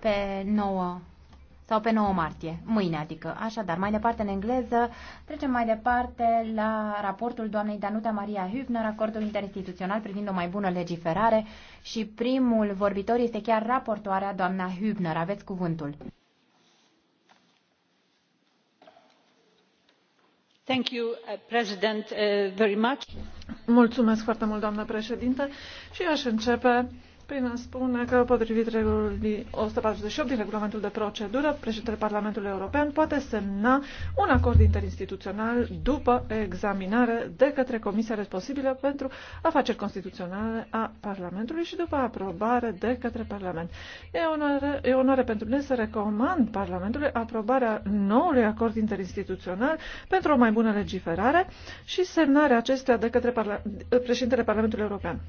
pe 9 sau pe 9 martie, mâine adică. Așadar, mai departe în engleză, trecem mai departe la raportul doamnei Danuta Maria Hübner, acordul interinstituțional privind o mai bună legiferare și primul vorbitor este chiar raportoarea doamna Hübner. Aveți cuvântul. Thank you, uh, President, uh, very much. Mulțumesc foarte mult, doamnă președinte, și aș începe prin a spune că, potrivit regulii 148 din regulamentul de procedură, președintele Parlamentului European poate semna un acord interinstituțional după examinare de către Comisia responsabilă pentru afaceri constituționale a Parlamentului și după aprobare de către Parlament. E onoare, e onoare pentru noi să recomand Parlamentului aprobarea noului acord interinstituțional pentru o mai bună legiferare și semnarea acestuia de către Parla președintele Parlamentului European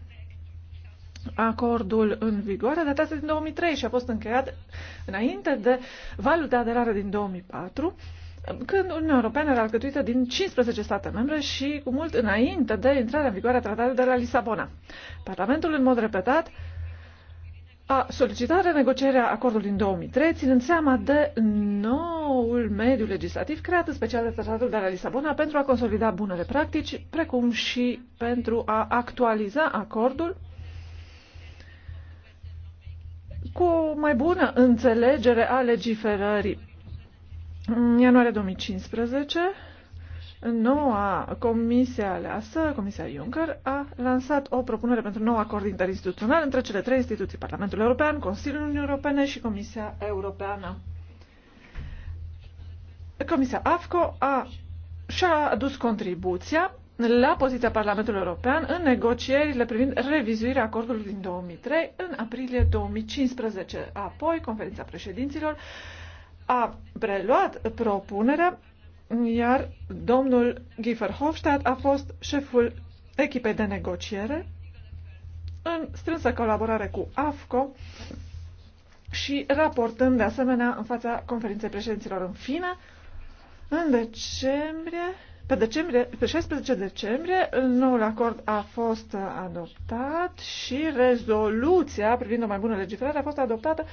acordul în vigoare datează din 2003 și a fost încheiat înainte de valul de aderare din 2004, când Uniunea Europeană era alcătuită din 15 state membre și cu mult înainte de intrarea în vigoare a tratatului de la Lisabona. Parlamentul, în mod repetat, a solicitat renegocierea acordului în 2003, ținând seama de noul mediu legislativ creat în special de tratatul de la Lisabona pentru a consolida bunele practici, precum și pentru a actualiza acordul cu o mai bună înțelegere a legiferării. În ianuarie 2015, noua comisie aleasă, Comisia Juncker, a lansat o propunere pentru nou acord interinstituțional între cele trei instituții, Parlamentul European, Consiliul Uniunii Europene și Comisia Europeană. Comisia AFCO a și-a adus contribuția la poziția Parlamentului European în negocierile privind revizuirea acordului din 2003 în aprilie 2015. Apoi, conferința președinților a preluat propunerea, iar domnul Giefer Hofstadt a fost șeful echipei de negociere în strânsă colaborare cu AFCO și raportând de asemenea în fața conferinței președinților în fine, în decembrie pe, decembrie, pe 16 decembrie, noul acord a fost adoptat și rezoluția privind o mai bună legiferare a fost adoptată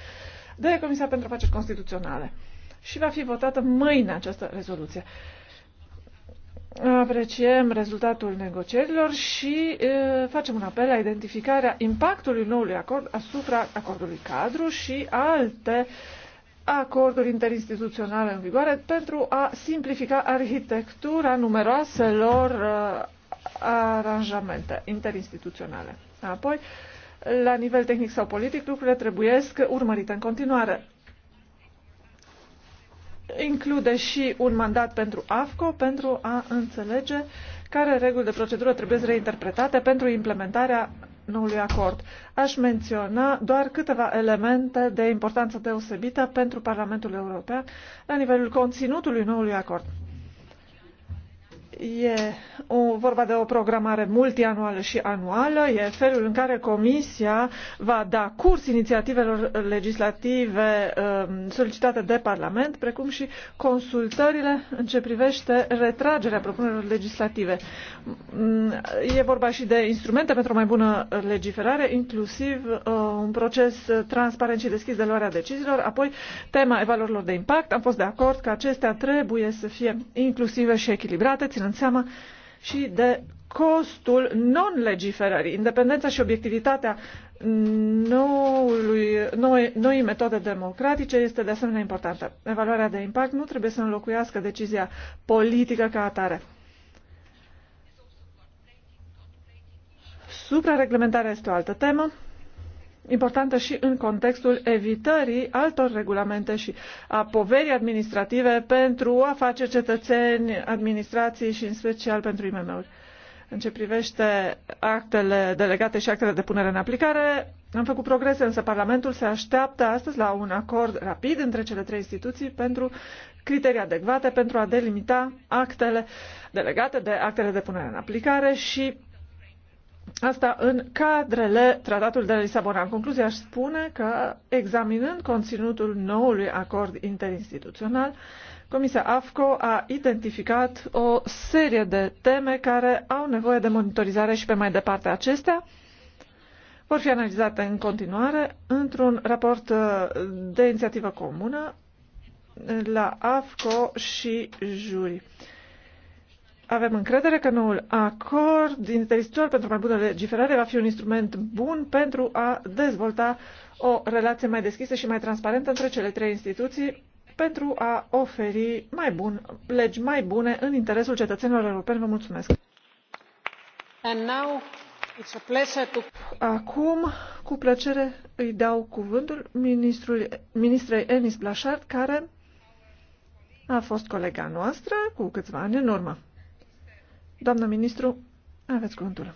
de Comisia pentru Afaceri Constituționale și va fi votată mâine această rezoluție. Apreciem rezultatul negocierilor și e, facem un apel la identificarea impactului noului acord asupra acordului cadru și alte acorduri interinstituționale în vigoare pentru a simplifica arhitectura numeroaselor uh, aranjamente interinstituționale. Apoi, la nivel tehnic sau politic, lucrurile trebuie urmărite în continuare. Include și un mandat pentru AFCO pentru a înțelege care reguli de procedură trebuie reinterpretate pentru implementarea noului acord. Aș menționa doar câteva elemente de importanță deosebită pentru Parlamentul European la nivelul conținutului noului acord. E o, vorba de o programare multianuală și anuală, e felul în care Comisia va da curs inițiativelor legislative um, solicitate de Parlament, precum și consultările în ce privește retragerea propunerilor legislative. Mm, e vorba și de instrumente pentru o mai bună legiferare, inclusiv uh, un proces transparent și deschis de luarea deciziilor, apoi tema evaluărilor de impact. Am fost de acord că acestea trebuie să fie inclusive și echilibrate, în seamă și de costul non-legiferării, independența și obiectivitatea noului, noi, noi metode democratice este de asemenea importantă. Evaluarea de impact nu trebuie să înlocuiască decizia politică ca atare. Suprareglementarea este o altă temă importantă și în contextul evitării altor regulamente și a poverii administrative pentru a face cetățeni, administrații și în special pentru IMM-uri. În ce privește actele delegate și actele de punere în aplicare, am făcut progrese, însă Parlamentul se așteaptă astăzi la un acord rapid între cele trei instituții pentru criterii adecvate pentru a delimita actele delegate de actele de punere în aplicare și Asta în cadrele Tratatului de Lisabona. În concluzie, aș spune că, examinând conținutul noului acord interinstituțional, Comisia AFCO a identificat o serie de teme care au nevoie de monitorizare și pe mai departe acestea vor fi analizate în continuare într-un raport uh, de inițiativă comună la AFCO și juri. Avem încredere că noul acord teritoriul pentru mai bună legiferare va fi un instrument bun pentru a dezvolta o relație mai deschisă și mai transparentă între cele trei instituții pentru a oferi mai bun, legi mai bune în interesul cetățenilor europeni. Vă mulțumesc! To... Acum, cu plăcere, îi dau cuvântul ministrul, ministrei Enis Blașard, care a fost colega noastră cu câțiva ani în urmă. Doamnă ministru, aveți cuvântul.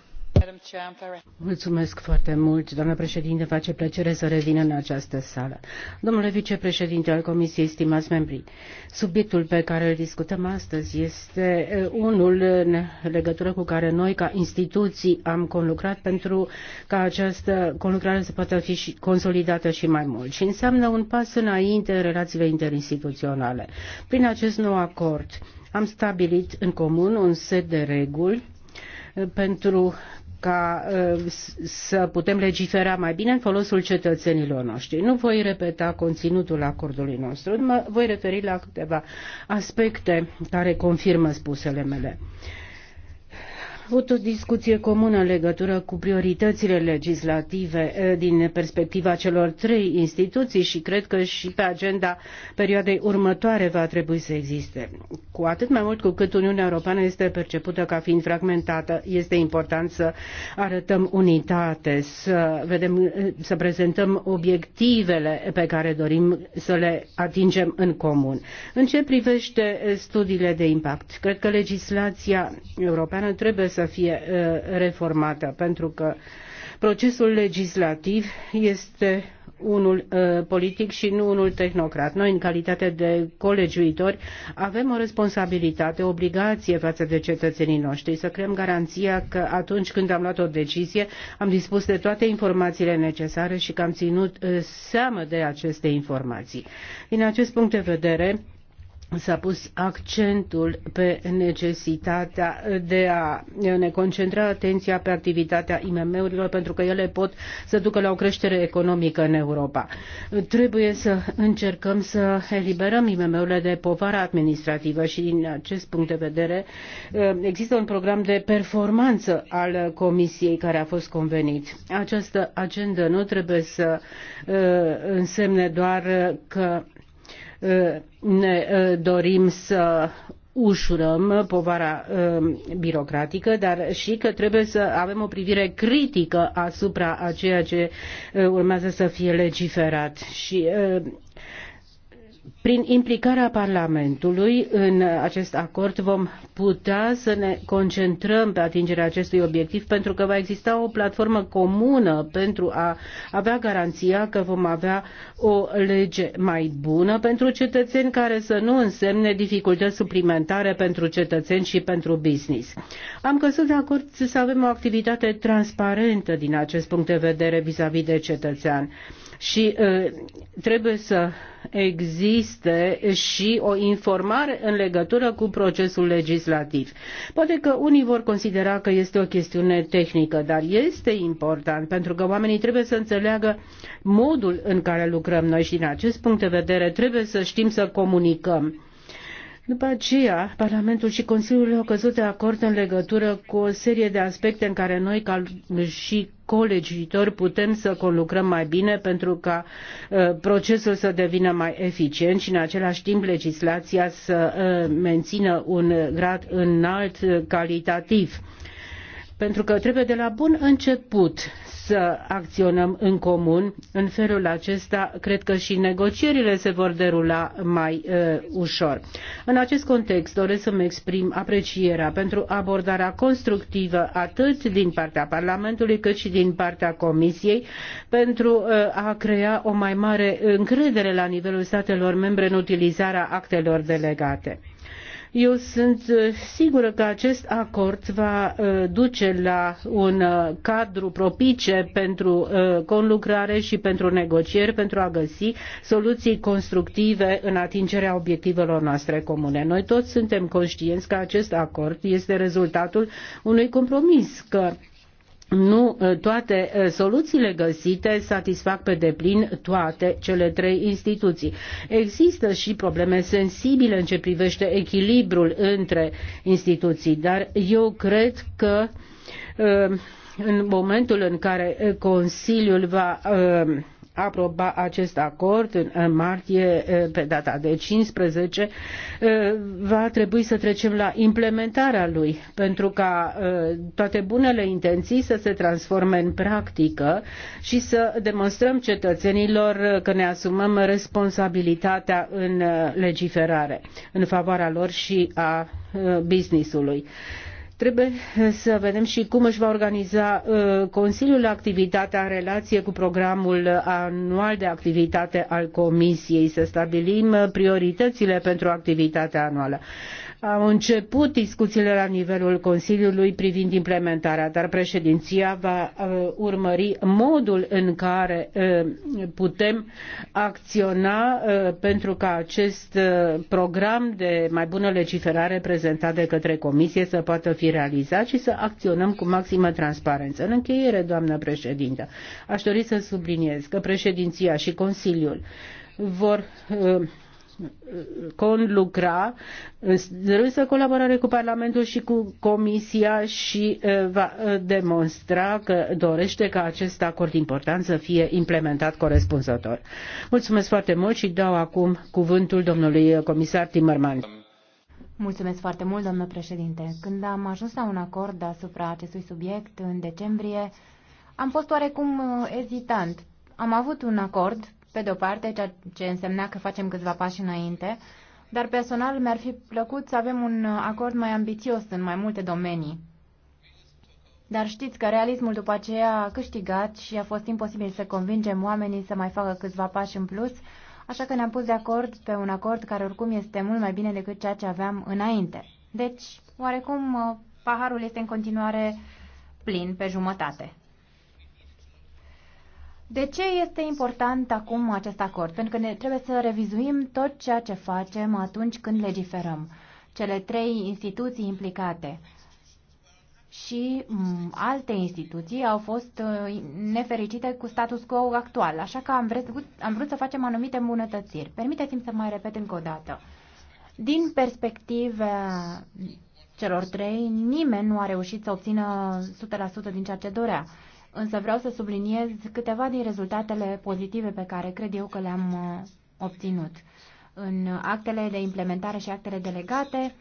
Mulțumesc foarte mult, doamnă președinte. Face plăcere să revin în această sală. Domnule vicepreședinte al Comisiei, stimați membri, subiectul pe care îl discutăm astăzi este unul în legătură cu care noi, ca instituții, am conlucrat pentru ca această conlucrare să poată fi și consolidată și mai mult. Și înseamnă un pas înainte în relațiile interinstituționale. Prin acest nou acord, am stabilit în comun un set de reguli uh, pentru ca uh, să putem legifera mai bine în folosul cetățenilor noștri. Nu voi repeta conținutul acordului nostru, mă voi referi la câteva aspecte care confirmă spusele mele avut o discuție comună în legătură cu prioritățile legislative din perspectiva celor trei instituții și cred că și pe agenda perioadei următoare va trebui să existe. Cu atât mai mult cu cât Uniunea Europeană este percepută ca fiind fragmentată, este important să arătăm unitate, să, vedem, să prezentăm obiectivele pe care dorim să le atingem în comun. În ce privește studiile de impact, cred că legislația europeană trebuie să să fie uh, reformată, pentru că procesul legislativ este unul uh, politic și nu unul tehnocrat. Noi, în calitate de colegiuitori, avem o responsabilitate, o obligație față de cetățenii noștri să creăm garanția că atunci când am luat o decizie, am dispus de toate informațiile necesare și că am ținut uh, seamă de aceste informații. Din acest punct de vedere, s-a pus accentul pe necesitatea de a ne concentra atenția pe activitatea IMM-urilor pentru că ele pot să ducă la o creștere economică în Europa. Trebuie să încercăm să eliberăm IMM-urile de povara administrativă și din acest punct de vedere există un program de performanță al Comisiei care a fost convenit. Această agendă nu trebuie să uh, însemne doar că Ă, ne ă, dorim să ușurăm povara ă, birocratică, dar și că trebuie să avem o privire critică asupra a ceea ce urmează să fie legiferat. Și prin implicarea Parlamentului în acest acord vom putea să ne concentrăm pe atingerea acestui obiectiv pentru că va exista o platformă comună pentru a avea garanția că vom avea o lege mai bună pentru cetățeni care să nu însemne dificultăți suplimentare pentru cetățeni și pentru business. Am căzut de acord să avem o activitate transparentă din acest punct de vedere vis-a-vis de cetățean și trebuie să existe și o informare în legătură cu procesul legislativ. Poate că unii vor considera că este o chestiune tehnică, dar este important pentru că oamenii trebuie să înțeleagă modul în care lucrăm noi și din acest punct de vedere trebuie să știm să comunicăm după aceea, Parlamentul și Consiliul au căzut de acord în legătură cu o serie de aspecte în care noi ca și colegiitori putem să conlucrăm mai bine pentru ca uh, procesul să devină mai eficient și în același timp legislația să uh, mențină un grad înalt uh, calitativ. Uh, pentru că trebuie de la bun început să acționăm în comun. În felul acesta, cred că și negocierile se vor derula mai uh, ușor. În acest context, doresc să-mi exprim aprecierea pentru abordarea constructivă atât din partea Parlamentului cât și din partea Comisiei pentru uh, a crea o mai mare încredere la nivelul statelor membre în utilizarea actelor delegate. Eu sunt uh, sigură că acest acord va uh, duce la un uh, cadru propice pentru conlucrare și pentru negocieri, pentru a găsi soluții constructive în atingerea obiectivelor noastre comune. Noi toți suntem conștienți că acest acord este rezultatul unui compromis, că nu eh, toate eh, soluțiile găsite satisfac pe deplin toate cele trei instituții. Există și probleme sensibile în ce privește echilibrul între instituții, dar eu cred că eh, în momentul în care Consiliul va aproba acest acord în martie, pe data de 15, va trebui să trecem la implementarea lui, pentru ca toate bunele intenții să se transforme în practică și să demonstrăm cetățenilor că ne asumăm responsabilitatea în legiferare, în favoarea lor și a businessului. Trebuie să vedem și cum își va organiza uh, Consiliul activitatea în relație cu programul anual de activitate al Comisiei, să stabilim uh, prioritățile pentru activitatea anuală. Au început discuțiile la nivelul Consiliului privind implementarea, dar președinția va uh, urmări modul în care uh, putem acționa uh, pentru ca acest program de mai bună legiferare prezentat de către Comisie să poată fi realizat și să acționăm cu maximă transparență. În încheiere, doamnă președintă, aș dori să subliniez că președinția și Consiliul vor conlucra în strânsă colaborare cu Parlamentul și cu Comisia și va demonstra că dorește ca acest acord important să fie implementat corespunzător. Mulțumesc foarte mult și dau acum cuvântul domnului comisar Timmerman. Mulțumesc foarte mult, domnule președinte. Când am ajuns la un acord asupra acestui subiect în decembrie, am fost oarecum ezitant. Am avut un acord pe de o parte, ceea ce însemna că facem câțiva pași înainte, dar personal mi-ar fi plăcut să avem un acord mai ambițios în mai multe domenii. Dar știți că realismul după aceea a câștigat și a fost imposibil să convingem oamenii să mai facă câțiva pași în plus, așa că ne-am pus de acord pe un acord care oricum este mult mai bine decât ceea ce aveam înainte. Deci, oarecum, paharul este în continuare plin pe jumătate. De ce este important acum acest acord? Pentru că ne trebuie să revizuim tot ceea ce facem atunci când legiferăm. Cele trei instituții implicate și mm, alte instituții au fost uh, nefericite cu status quo actual, așa că am vrut, am vrut să facem anumite îmbunătățiri. Permiteți-mi să mai repet încă o dată. Din perspectiva celor trei, nimeni nu a reușit să obțină 100% din ceea ce dorea însă vreau să subliniez câteva din rezultatele pozitive pe care cred eu că le-am uh, obținut. În actele de implementare și actele delegate,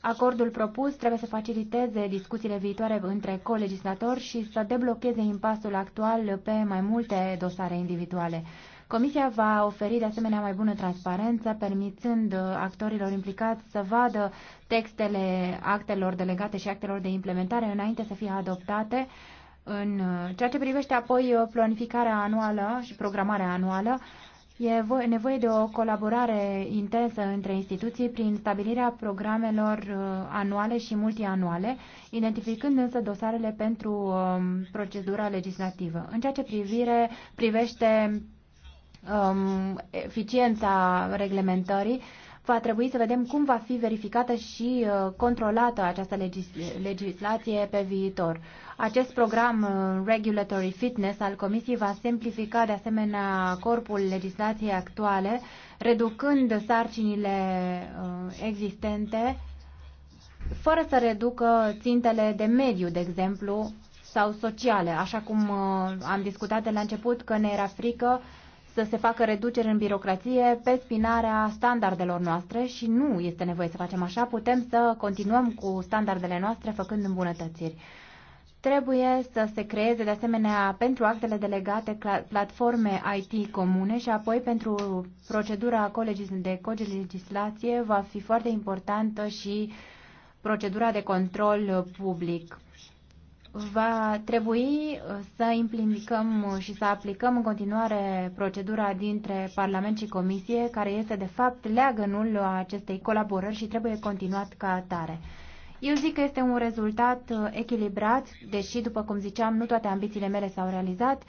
acordul propus trebuie să faciliteze discuțiile viitoare între colegislatori și să deblocheze impasul actual pe mai multe dosare individuale. Comisia va oferi de asemenea mai bună transparență, permițând uh, actorilor implicați să vadă textele actelor delegate și actelor de implementare înainte să fie adoptate, în uh, ceea ce privește apoi uh, planificarea anuală și programarea anuală, e nevoie de o colaborare intensă între instituții prin stabilirea programelor uh, anuale și multianuale, identificând însă dosarele pentru um, procedura legislativă. În ceea ce privire, privește um, eficiența reglementării, uh, va trebui să vedem cum va fi verificată și uh, controlată această legis legislație pe viitor. Acest program uh, Regulatory Fitness al Comisiei va simplifica de asemenea corpul legislației actuale, reducând sarcinile uh, existente, fără să reducă țintele de mediu, de exemplu, sau sociale, așa cum am discutat de la început că ne era frică să se facă reduceri în birocrație pe spinarea standardelor noastre și nu este nevoie să facem așa, putem să continuăm cu standardele noastre făcând îmbunătățiri. Trebuie să se creeze de asemenea pentru actele delegate platforme IT comune și apoi pentru procedura de legislație va fi foarte importantă și procedura de control public va trebui uh, să implicăm uh, și să aplicăm în continuare procedura dintre Parlament și Comisie, care este de fapt leagănul acestei colaborări și trebuie continuat ca atare. Eu zic că este un rezultat uh, echilibrat, deși, după cum ziceam, nu toate ambițiile mele s-au realizat,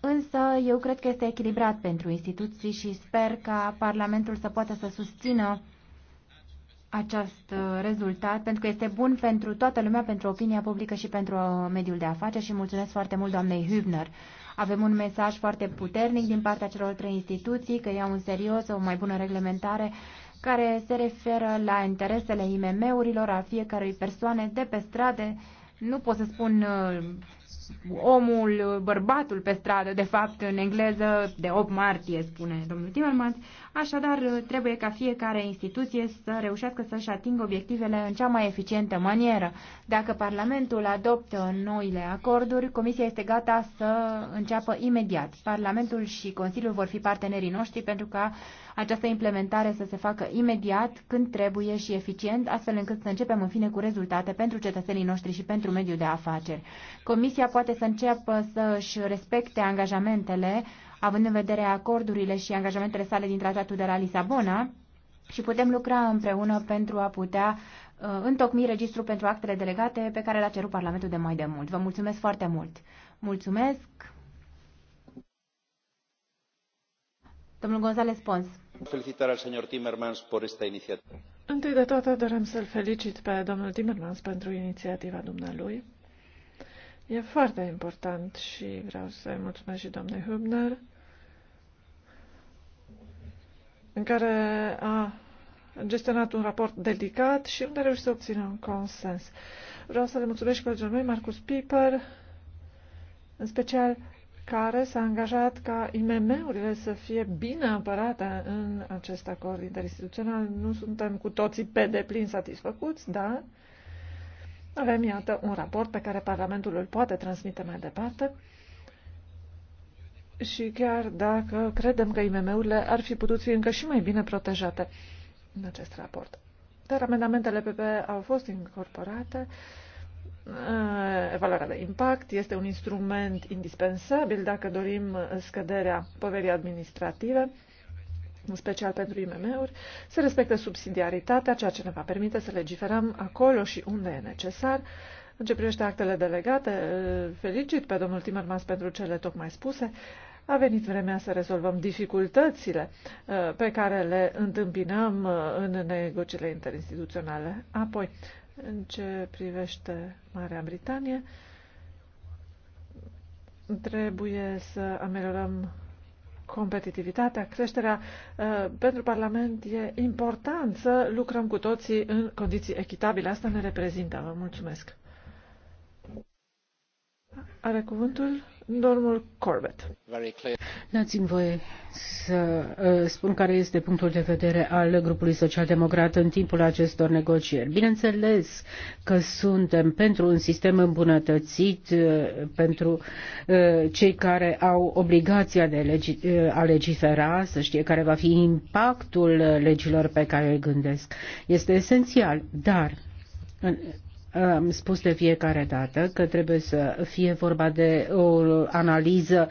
însă eu cred că este echilibrat pentru instituții și sper ca Parlamentul să poată să susțină acest uh, rezultat pentru că este bun pentru toată lumea, pentru opinia publică și pentru uh, mediul de afaceri și mulțumesc foarte mult doamnei Hübner. Avem un mesaj foarte puternic din partea celor trei instituții că iau în serios o mai bună reglementare care se referă la interesele IMM-urilor, a fiecărei persoane de pe strade. Nu pot să spun uh, omul, bărbatul pe stradă, de fapt, în engleză, de 8 martie, spune domnul Timmermans, Așadar, trebuie ca fiecare instituție să reușească să-și atingă obiectivele în cea mai eficientă manieră. Dacă Parlamentul adoptă noile acorduri, Comisia este gata să înceapă imediat. Parlamentul și Consiliul vor fi partenerii noștri pentru ca această implementare să se facă imediat, când trebuie și eficient, astfel încât să începem în fine cu rezultate pentru cetățenii noștri și pentru mediul de afaceri. Comisia poate să înceapă să-și respecte angajamentele având în vedere acordurile și angajamentele sale din tratatul de la Lisabona, și putem lucra împreună pentru a putea uh, întocmi registru pentru actele delegate pe care l-a cerut Parlamentul de mai de mult. Vă mulțumesc foarte mult. Mulțumesc. Domnul González Pons. Felicitar al señor Timmermans por esta inițiativă. Întâi de toate dorem să-l felicit pe domnul Timmermans pentru inițiativa dumnealui. E foarte important și vreau să-i mulțumesc și domnului Hübner în care a gestionat un raport delicat și unde a reușit să obțină un consens. Vreau să le mulțumesc colegilor mei, Marcus Piper, în special care s-a angajat ca IMM-urile să fie bine apărate în acest acord interinstituțional. Nu suntem cu toții pe deplin satisfăcuți, dar avem, iată, un raport pe care Parlamentul îl poate transmite mai departe și chiar dacă credem că IMM-urile ar fi putut fi încă și mai bine protejate în acest raport. Dar amendamentele PP au fost incorporate. Eh, evaluarea de impact este un instrument indispensabil dacă dorim scăderea poverii administrative, în special pentru IMM-uri. Se respectă subsidiaritatea, ceea ce ne va permite să legiferăm acolo și unde e necesar în ce privește actele delegate, felicit pe domnul Timmermans pentru cele tocmai spuse. A venit vremea să rezolvăm dificultățile uh, pe care le întâmpinăm uh, în negocierile interinstituționale. Apoi, în ce privește Marea Britanie, trebuie să ameliorăm competitivitatea, creșterea. Uh, pentru Parlament e important să lucrăm cu toții în condiții echitabile. Asta ne reprezintă. Vă mulțumesc. Are cuvântul domnul Corbett. Dați-mi voie să uh, spun care este punctul de vedere al grupului social-democrat în timpul acestor negocieri. Bineînțeles că suntem pentru un sistem îmbunătățit uh, pentru uh, cei care au obligația de legi, a legifera, să știe care va fi impactul legilor pe care îl gândesc. Este esențial, dar am spus de fiecare dată că trebuie să fie vorba de o analiză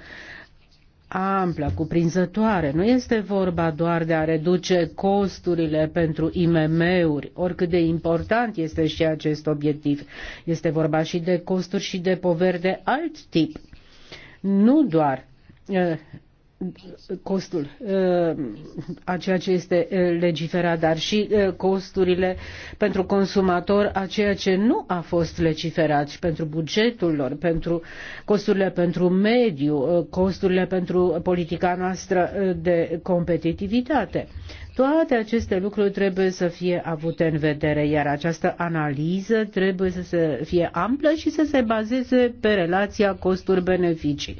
amplă, cuprinzătoare. Nu este vorba doar de a reduce costurile pentru IMM-uri, oricât de important este și acest obiectiv. Este vorba și de costuri și de poveri de alt tip. Nu doar eh, costul uh, a ceea ce este uh, legiferat, dar și uh, costurile pentru consumator a ceea ce nu a fost legiferat și pentru bugetul lor, pentru costurile pentru mediu, costurile pentru politica noastră de competitivitate. Toate aceste lucruri trebuie să fie avute în vedere, iar această analiză trebuie să fie amplă și să se bazeze pe relația costuri-beneficii.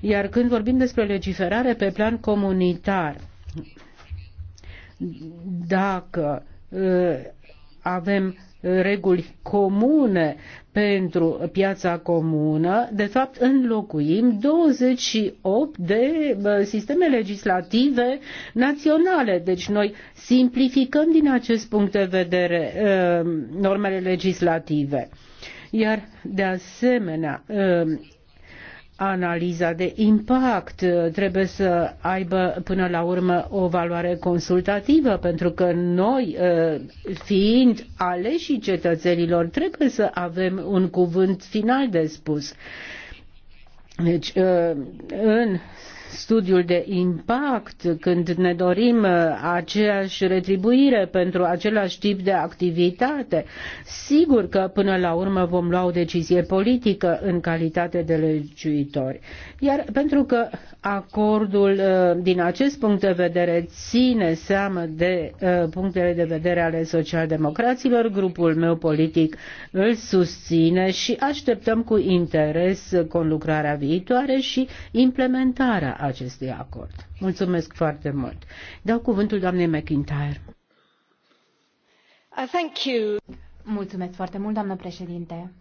Iar când vorbim despre legiferare pe plan comunitar, dacă uh, avem uh, reguli comune pentru piața comună, de fapt înlocuim 28 de uh, sisteme legislative naționale. Deci noi simplificăm din acest punct de vedere normele legislative. Iar, de asemenea, analiza de impact trebuie să aibă până la urmă o valoare consultativă, pentru că noi, uh, fiind aleși cetățenilor, trebuie să avem un cuvânt final de spus. Deci, uh, în studiul de impact, când ne dorim uh, aceeași retribuire pentru același tip de activitate, sigur că până la urmă vom lua o decizie politică în calitate de legiuitori. Iar pentru că acordul uh, din acest punct de vedere ține seamă de uh, punctele de vedere ale socialdemocraților, grupul meu politic îl susține și așteptăm cu interes conlucrarea viitoare și implementarea acestui acord. Mulțumesc foarte mult. Dau cuvântul doamnei McIntyre. Uh, thank you. Mulțumesc foarte mult, doamnă președinte.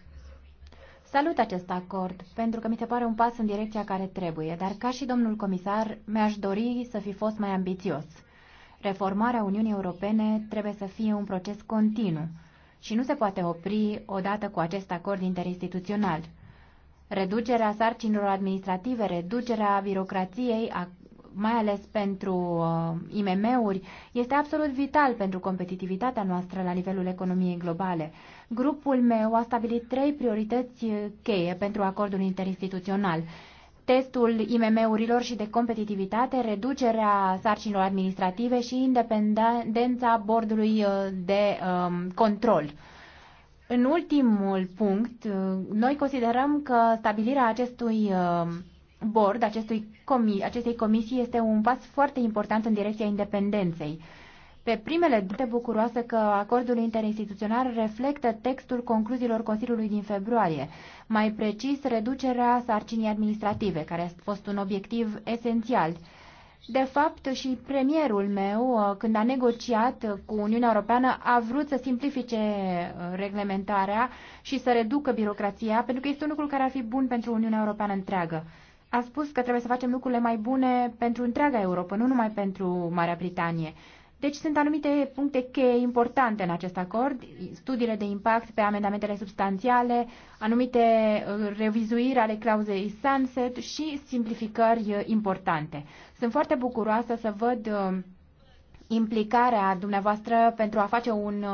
Salut acest acord, pentru că mi se pare un pas în direcția care trebuie, dar ca și domnul comisar, mi-aș dori să fi fost mai ambițios. Reformarea Uniunii Europene trebuie să fie un proces continuu și nu se poate opri odată cu acest acord interinstituțional reducerea sarcinilor administrative, reducerea birocrației, mai ales pentru uh, IMM-uri, este absolut vital pentru competitivitatea noastră la nivelul economiei globale. Grupul meu a stabilit trei priorități uh, cheie pentru acordul interinstituțional testul IMM-urilor și de competitivitate, reducerea sarcinilor administrative și independența bordului uh, de um, control. În ultimul punct, uh, noi considerăm că stabilirea acestui uh, board, acestui comis, acestei comisii, este un pas foarte important în direcția independenței. Pe primele dute bucuroasă că acordul interinstituțional reflectă textul concluziilor Consiliului din februarie, mai precis reducerea sarcinii administrative, care a fost un obiectiv esențial. De fapt, și premierul meu, uh, când a negociat cu Uniunea Europeană, a vrut să simplifice uh, reglementarea și să reducă birocrația, pentru că este un lucru care ar fi bun pentru Uniunea Europeană întreagă. A spus că trebuie să facem lucrurile mai bune pentru întreaga Europa, nu numai pentru Marea Britanie. Deci sunt anumite puncte cheie importante în acest acord, studiile de impact pe amendamentele substanțiale, anumite uh, revizuiri ale clauzei sunset și simplificări uh, importante. Sunt foarte bucuroasă să văd uh, implicarea dumneavoastră pentru a face un,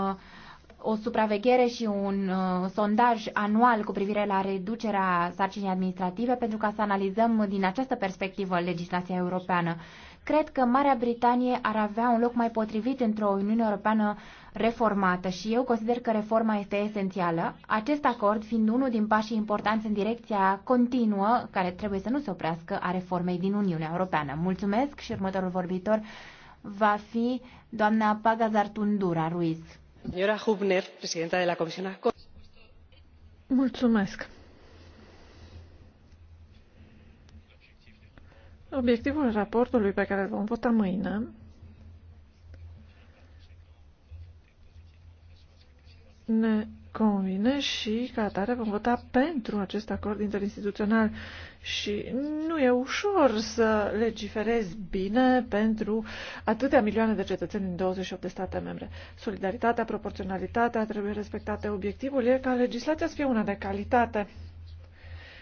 o supraveghere și un sondaj anual cu privire la reducerea sarcinii administrative pentru ca să analizăm din această perspectivă legislația europeană. Cred că Marea Britanie ar avea un loc mai potrivit într-o Uniune Europeană reformată și eu consider că reforma este esențială, acest acord fiind unul din pașii importanți în direcția continuă, care trebuie să nu se oprească, a reformei din Uniunea Europeană. Mulțumesc și următorul vorbitor va fi doamna Pagazar Tundura Ruiz. Señora Hubner, presidenta de la Comisión Mulțumesc. Obiectivul raportului pe care îl vom vota mâine ne convine și ca atare vom vota pentru acest acord interinstituțional și nu e ușor să legiferezi bine pentru atâtea milioane de cetățeni din 28 de state membre. Solidaritatea, proporționalitatea trebuie respectate. Obiectivul e ca legislația să fie una de calitate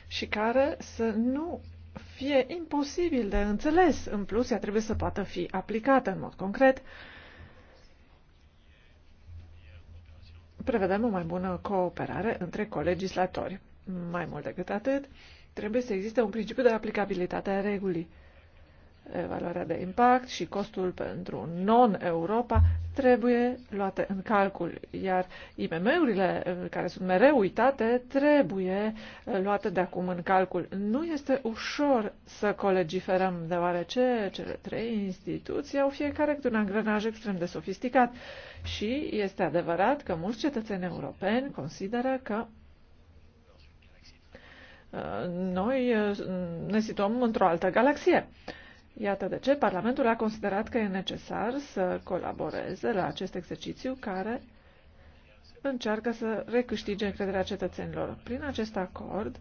și care să nu fie imposibil de înțeles. În plus, ea trebuie să poată fi aplicată în mod concret. Prevedem o mai bună cooperare între colegislatori. Mai mult decât atât, trebuie să existe un principiu de aplicabilitate a regulii valoarea de impact și costul pentru non-Europa trebuie luate în calcul, iar IMM-urile eh, care sunt mereu uitate trebuie eh, luate de acum în calcul. Nu este ușor să colegiferăm, deoarece cele trei instituții au fiecare cu un angrenaj extrem de sofisticat și este adevărat că mulți cetățeni europeni consideră că eh, noi ne situăm într-o altă galaxie. Iată de ce Parlamentul a considerat că e necesar să colaboreze la acest exercițiu care încearcă să recâștige încrederea cetățenilor. Prin acest acord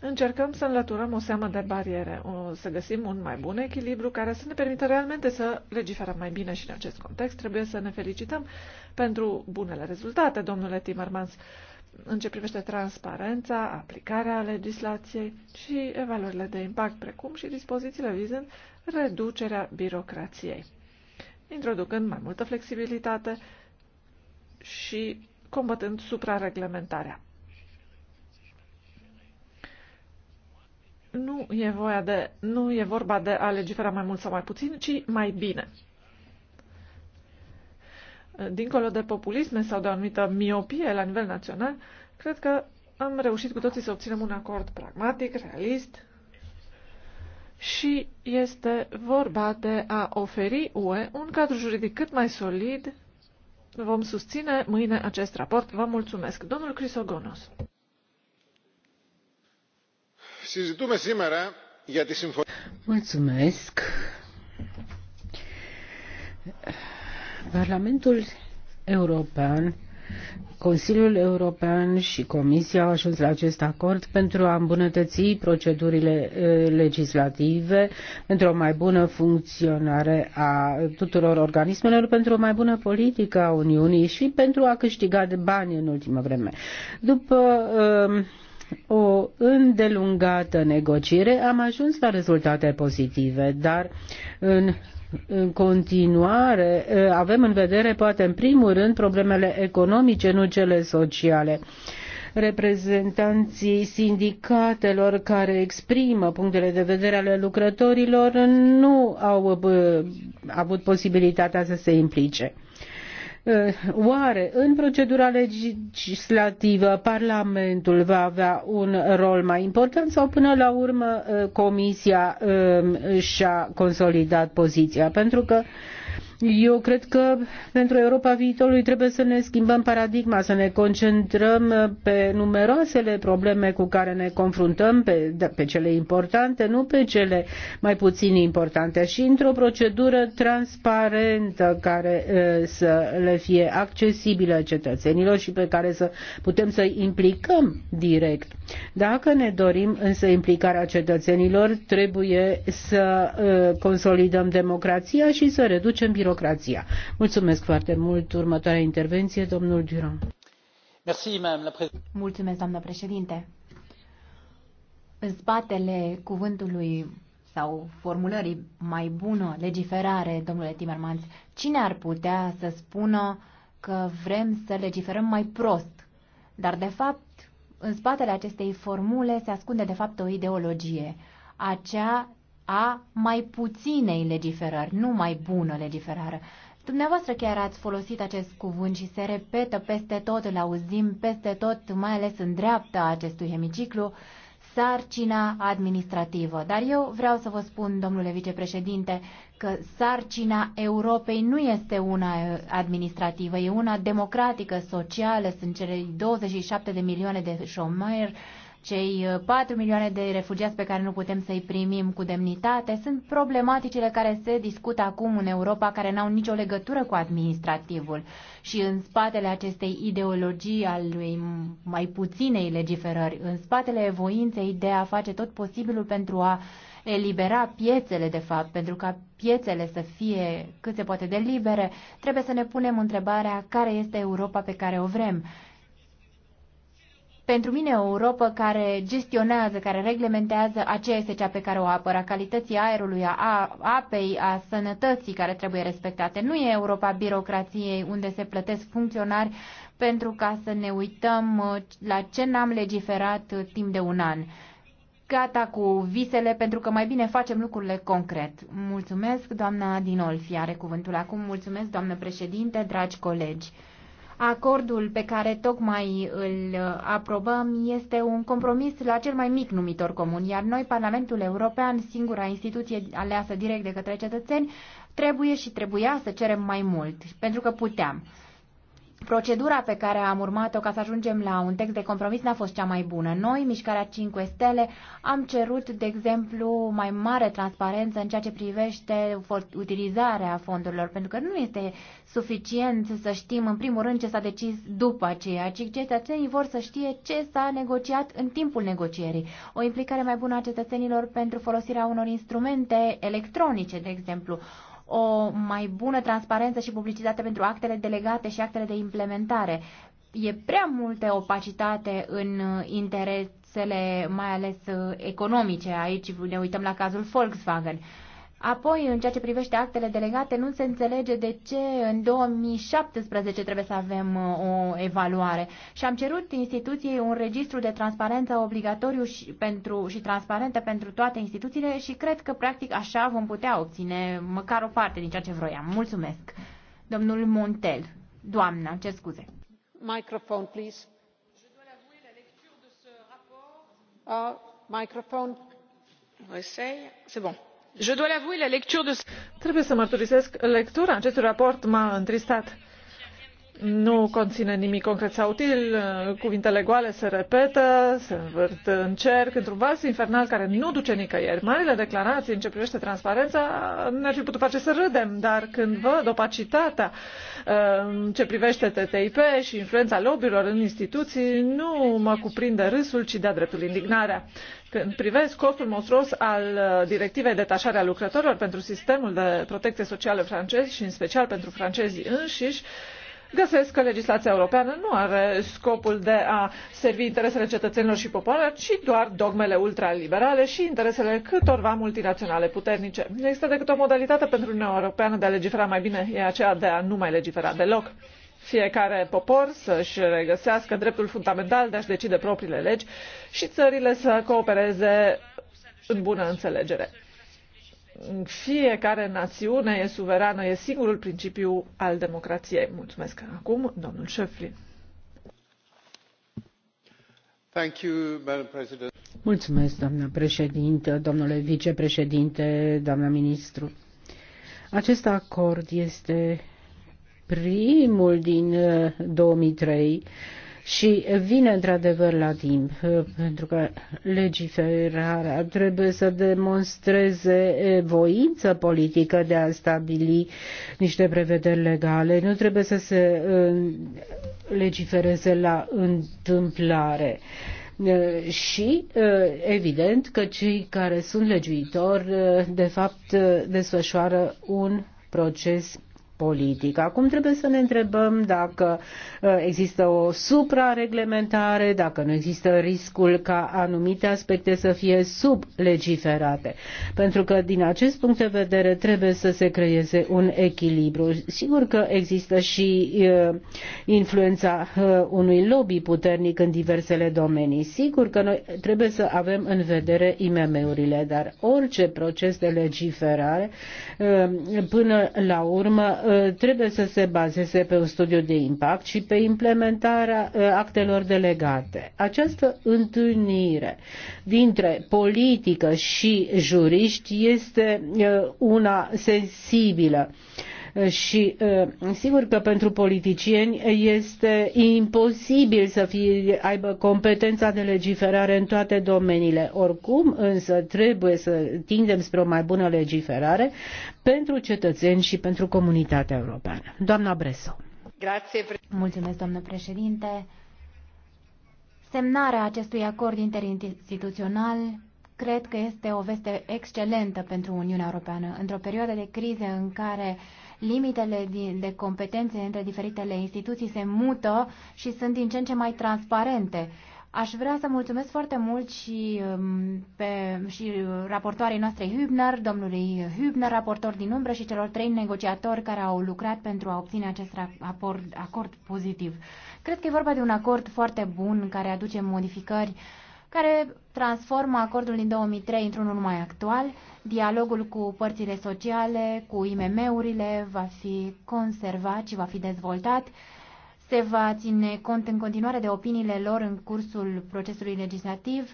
încercăm să înlăturăm o seamă de bariere, o, să găsim un mai bun echilibru care să ne permită realmente să legiferăm mai bine și în acest context trebuie să ne felicităm pentru bunele rezultate, domnule Timmermans în ce privește transparența, aplicarea legislației și evaluările de impact, precum și dispozițiile vizând reducerea birocrației, introducând mai multă flexibilitate și combătând suprareglementarea. Nu e, voia de, nu e vorba de a legifera mai mult sau mai puțin, ci mai bine dincolo de populisme sau de o anumită miopie la nivel național, cred că am reușit cu toții să obținem un acord pragmatic, realist și este vorba de a oferi UE un cadru juridic cât mai solid. Vom susține mâine acest raport. Vă mulțumesc. Domnul Crisogonos. Mulțumesc. Parlamentul European, Consiliul European și Comisia au ajuns la acest acord pentru a îmbunătăți procedurile legislative, pentru o mai bună funcționare a tuturor organismelor, pentru o mai bună politică a Uniunii și pentru a câștiga de bani în ultima vreme. După o îndelungată negociere, am ajuns la rezultate pozitive, dar în în continuare, ă, avem în vedere, poate, în primul rând, problemele economice, nu cele sociale reprezentanții sindicatelor care exprimă punctele de vedere ale lucrătorilor nu au ă, avut posibilitatea să se implice. Eh, oare în procedura legislativă Parlamentul va avea un rol mai important sau până la urmă eh, Comisia eh, și-a consolidat poziția? Pentru că eu cred că pentru Europa viitorului trebuie să ne schimbăm paradigma, să ne concentrăm pe numeroasele probleme cu care ne confruntăm, pe, da, pe cele importante, nu pe cele mai puțin importante și într-o procedură transparentă care să le fie accesibilă cetățenilor și pe care să putem să-i implicăm direct. Dacă ne dorim însă implicarea cetățenilor, trebuie să consolidăm democrația și să reducem birocrația birocrația. Mulțumesc foarte mult. Următoarea intervenție, domnul Duran. Mulțumesc, doamnă președinte. În spatele cuvântului sau formulării mai bună, legiferare, domnule Timmermans, cine ar putea să spună că vrem să legiferăm mai prost? Dar, de fapt, în spatele acestei formule se ascunde, de fapt, o ideologie, acea a mai puținei legiferări, nu mai bună legiferare. Dumneavoastră chiar ați folosit acest cuvânt și se repetă peste tot, îl auzim peste tot, mai ales în dreapta acestui hemiciclu, sarcina administrativă. Dar eu vreau să vă spun, domnule vicepreședinte, că sarcina Europei nu este una administrativă, e una democratică, socială, sunt cele 27 de milioane de șomeri, cei 4 uh, milioane de refugiați pe care nu putem să-i primim cu demnitate, sunt problematicile care se discută acum în Europa, care n-au nicio legătură cu administrativul. Și în spatele acestei ideologii al lui mai puținei legiferări, în spatele voinței de a face tot posibilul pentru a elibera piețele, de fapt, pentru ca piețele să fie cât se poate de libere, trebuie să ne punem întrebarea care este Europa pe care o vrem. Pentru mine, o Europa care gestionează, care reglementează, aceea este cea pe care o apără, a calității aerului, a apei, a sănătății care trebuie respectate. Nu e Europa birocrației unde se plătesc funcționari pentru ca să ne uităm uh, la ce n-am legiferat uh, timp de un an. Gata cu visele, pentru că mai bine facem lucrurile concret. Mulțumesc, doamna Dinolfi, are cuvântul acum. Mulțumesc, doamnă președinte, dragi colegi. Acordul pe care tocmai îl uh, aprobăm este un compromis la cel mai mic numitor comun, iar noi, Parlamentul European, singura instituție aleasă direct de către cetățeni, trebuie și trebuia să cerem mai mult, pentru că puteam. Procedura pe care am urmat-o ca să ajungem la un text de compromis n-a fost cea mai bună. Noi, Mișcarea 5 Stele, am cerut, de exemplu, mai mare transparență în ceea ce privește utilizarea fondurilor, pentru că nu este suficient să știm, în primul rând, ce s-a decis după aceea, ci cetățenii vor să știe ce s-a negociat în timpul negocierii. O implicare mai bună a cetățenilor pentru folosirea unor instrumente electronice, de exemplu, o mai bună transparență și publicitate pentru actele delegate și actele de implementare. E prea multă opacitate în interesele, mai ales economice. Aici ne uităm la cazul Volkswagen. Uh, Apoi, în ceea ce privește actele delegate, nu se înțelege de ce în 2017 trebuie să avem uh, o evaluare. Și am cerut instituției un registru de transparență obligatoriu și, pentru, și transparentă pentru toate instituțiile și cred că, practic, așa vom putea obține măcar o parte din ceea ce vroiam. Mulțumesc. Domnul Montel. Doamna, cer scuze. Microfon, please. Uh, ah, microphone. Oui, c'est bon Trebuie să mărturisesc, lectura acestui raport m-a întristat nu conține nimic concret sau util, uh, cuvintele goale se repetă, se învârt în cerc, într-un vals infernal care nu duce nicăieri. Marile declarații în ce privește transparența uh, ne-ar fi putut face să râdem, dar când văd opacitatea uh, în ce privește TTIP și influența lobbyilor în instituții, nu mă cuprinde râsul, ci de-a dreptul indignarea. Când privesc costul monstruos al directivei detașare a lucrătorilor pentru sistemul de protecție socială francez și în special pentru francezii înșiși, găsesc că legislația europeană nu are scopul de a servi interesele cetățenilor și popoarelor, ci doar dogmele ultraliberale și interesele câtorva multinaționale puternice. Nu există decât o modalitate pentru Uniunea Europeană de a legifera mai bine, e aceea de a nu mai legifera deloc fiecare popor să-și regăsească dreptul fundamental de a-și decide propriile legi și țările să coopereze în bună înțelegere fiecare națiune e suverană, e singurul principiu al democrației. Mulțumesc. Acum, domnul Șeflin. Mulțumesc, doamnă președintă, domnule vicepreședinte, doamnă ministru. Acest acord este primul din 2003 uh, și vine într-adevăr la timp, pentru că legiferarea trebuie să demonstreze voință politică de a stabili niște prevederi legale. Nu trebuie să se uh, legifereze la întâmplare. Uh, și, uh, evident, că cei care sunt legiuitori, de fapt, desfășoară un proces politic. Acum trebuie să ne întrebăm dacă uh, există o suprareglementare, dacă nu există riscul ca anumite aspecte să fie sublegiferate. Pentru că din acest punct de vedere trebuie să se creeze un echilibru. Sigur că există și uh, influența uh, unui lobby puternic în diversele domenii. Sigur că noi trebuie să avem în vedere IMM-urile, dar orice proces de legiferare până la urmă Uh, trebuie să se bazeze pe un studiu de impact și pe implementarea uh, actelor delegate. Această întâlnire dintre politică și juriști este uh, una sensibilă și uh, sigur că pentru politicieni este imposibil să fie, aibă competența de legiferare în toate domeniile. Oricum, însă, trebuie să tindem spre o mai bună legiferare pentru cetățeni și pentru comunitatea europeană. Doamna Bresso. Grazie. Mulțumesc, doamnă președinte. Semnarea acestui acord interinstituțional cred că este o veste excelentă pentru Uniunea Europeană. Într-o perioadă de criză în care limitele de competențe între diferitele instituții se mută și sunt din ce în ce mai transparente. Aș vrea să mulțumesc foarte mult și, um, pe, și raportoarei noastre Hübner, domnului Hübner, raportor din umbră și celor trei negociatori care au lucrat pentru a obține acest raport, acord pozitiv. Cred că e vorba de un acord foarte bun care aduce modificări care transformă acordul din 2003 într-unul mai actual. Dialogul cu părțile sociale, cu IMM-urile va fi conservat și va fi dezvoltat. Se va ține cont în continuare de opiniile lor în cursul procesului legislativ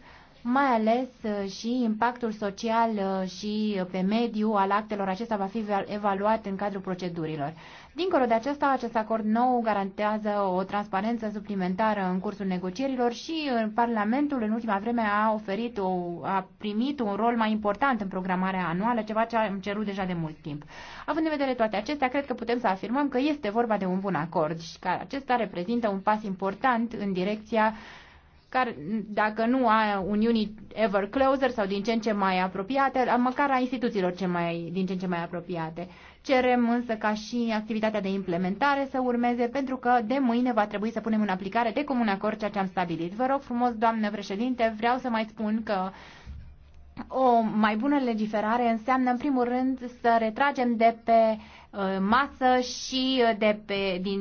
mai ales uh, și impactul social uh, și pe mediu al actelor acesta va fi evaluat în cadrul procedurilor. Dincolo de acesta, acest acord nou garantează o transparență suplimentară în cursul negocierilor și uh, Parlamentul în ultima vreme a oferit, o, a primit un rol mai important în programarea anuală, ceva ce am cerut deja de mult timp. Având în vedere toate acestea, cred că putem să afirmăm că este vorba de un bun acord și că acesta reprezintă un pas important în direcția care, dacă nu a Uniunii ever closer sau din ce în ce mai apropiate, măcar a instituțiilor ce mai, din ce în ce mai apropiate. Cerem însă ca și activitatea de implementare să urmeze, pentru că de mâine va trebui să punem în aplicare de comun acord ceea ce am stabilit. Vă rog frumos, doamnă președinte, vreau să mai spun că o mai bună legiferare înseamnă, în primul rând, să retragem de pe Uh, masă și uh, de pe, din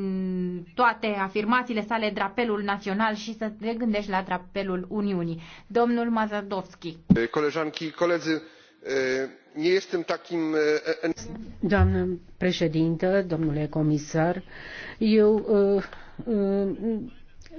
toate afirmațiile sale drapelul național și să te gândești la drapelul Uniunii. Domnul Mazadovski. Koleżanki, colegi, nu jestem takim... Doamnă președintă, domnule comisar, eu uh, uh,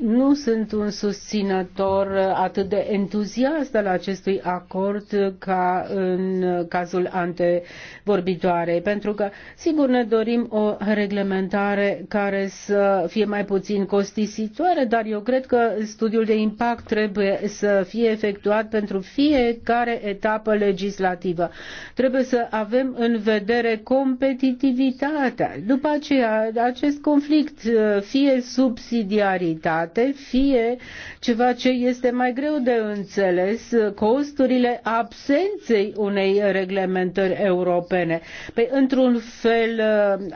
nu sunt un susținător atât de entuziast al acestui acord ca în cazul antevorbitoarei, pentru că, sigur, ne dorim o reglementare care să fie mai puțin costisitoare, dar eu cred că studiul de impact trebuie să fie efectuat pentru fiecare etapă legislativă. Trebuie să avem în vedere competitivitatea. După aceea, acest conflict, fie subsidiaritate, date, fie ceva ce este mai greu de înțeles, costurile absenței unei reglementări europene. Păi, într-un fel, uh,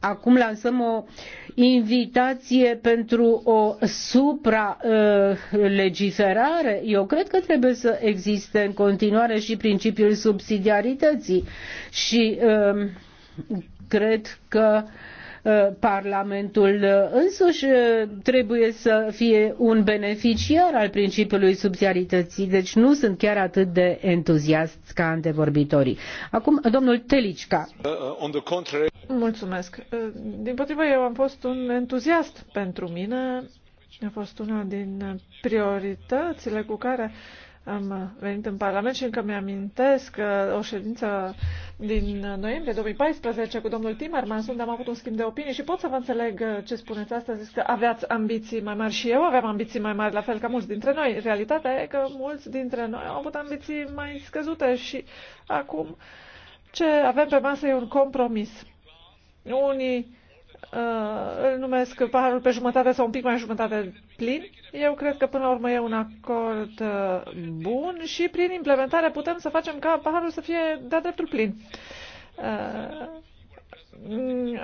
acum lansăm o invitație pentru o supralegiferare. Uh, Eu cred că trebuie să existe în continuare și principiul subsidiarității și um, cred că uh, Uh, Parlamentul uh, însuși uh, trebuie să fie un beneficiar al principiului subsidiarității, deci nu sunt chiar atât de entuziast ca antevorbitorii. Acum, domnul Telicca. Mulțumesc. Din potrivă, eu am fost un entuziast pentru mine. A fost una din prioritățile cu care am venit în Parlament și încă mi-amintesc o ședință din noiembrie 2014 cu domnul Timmermans, unde am avut un schimb de opinii și pot să vă înțeleg uh, ce spuneți astăzi, este că aveați ambiții mai mari și eu aveam ambiții mai mari, la fel ca mulți dintre noi. Realitatea e că mulți dintre noi au avut ambiții mai scăzute și acum ce avem pe masă e un compromis. Unii uh, îl numesc paharul pe jumătate sau un pic mai jumătate plin. Eu cred că până la urmă e un acord uh, bun și prin implementare putem să facem ca paharul să fie de dreptul plin. Uh,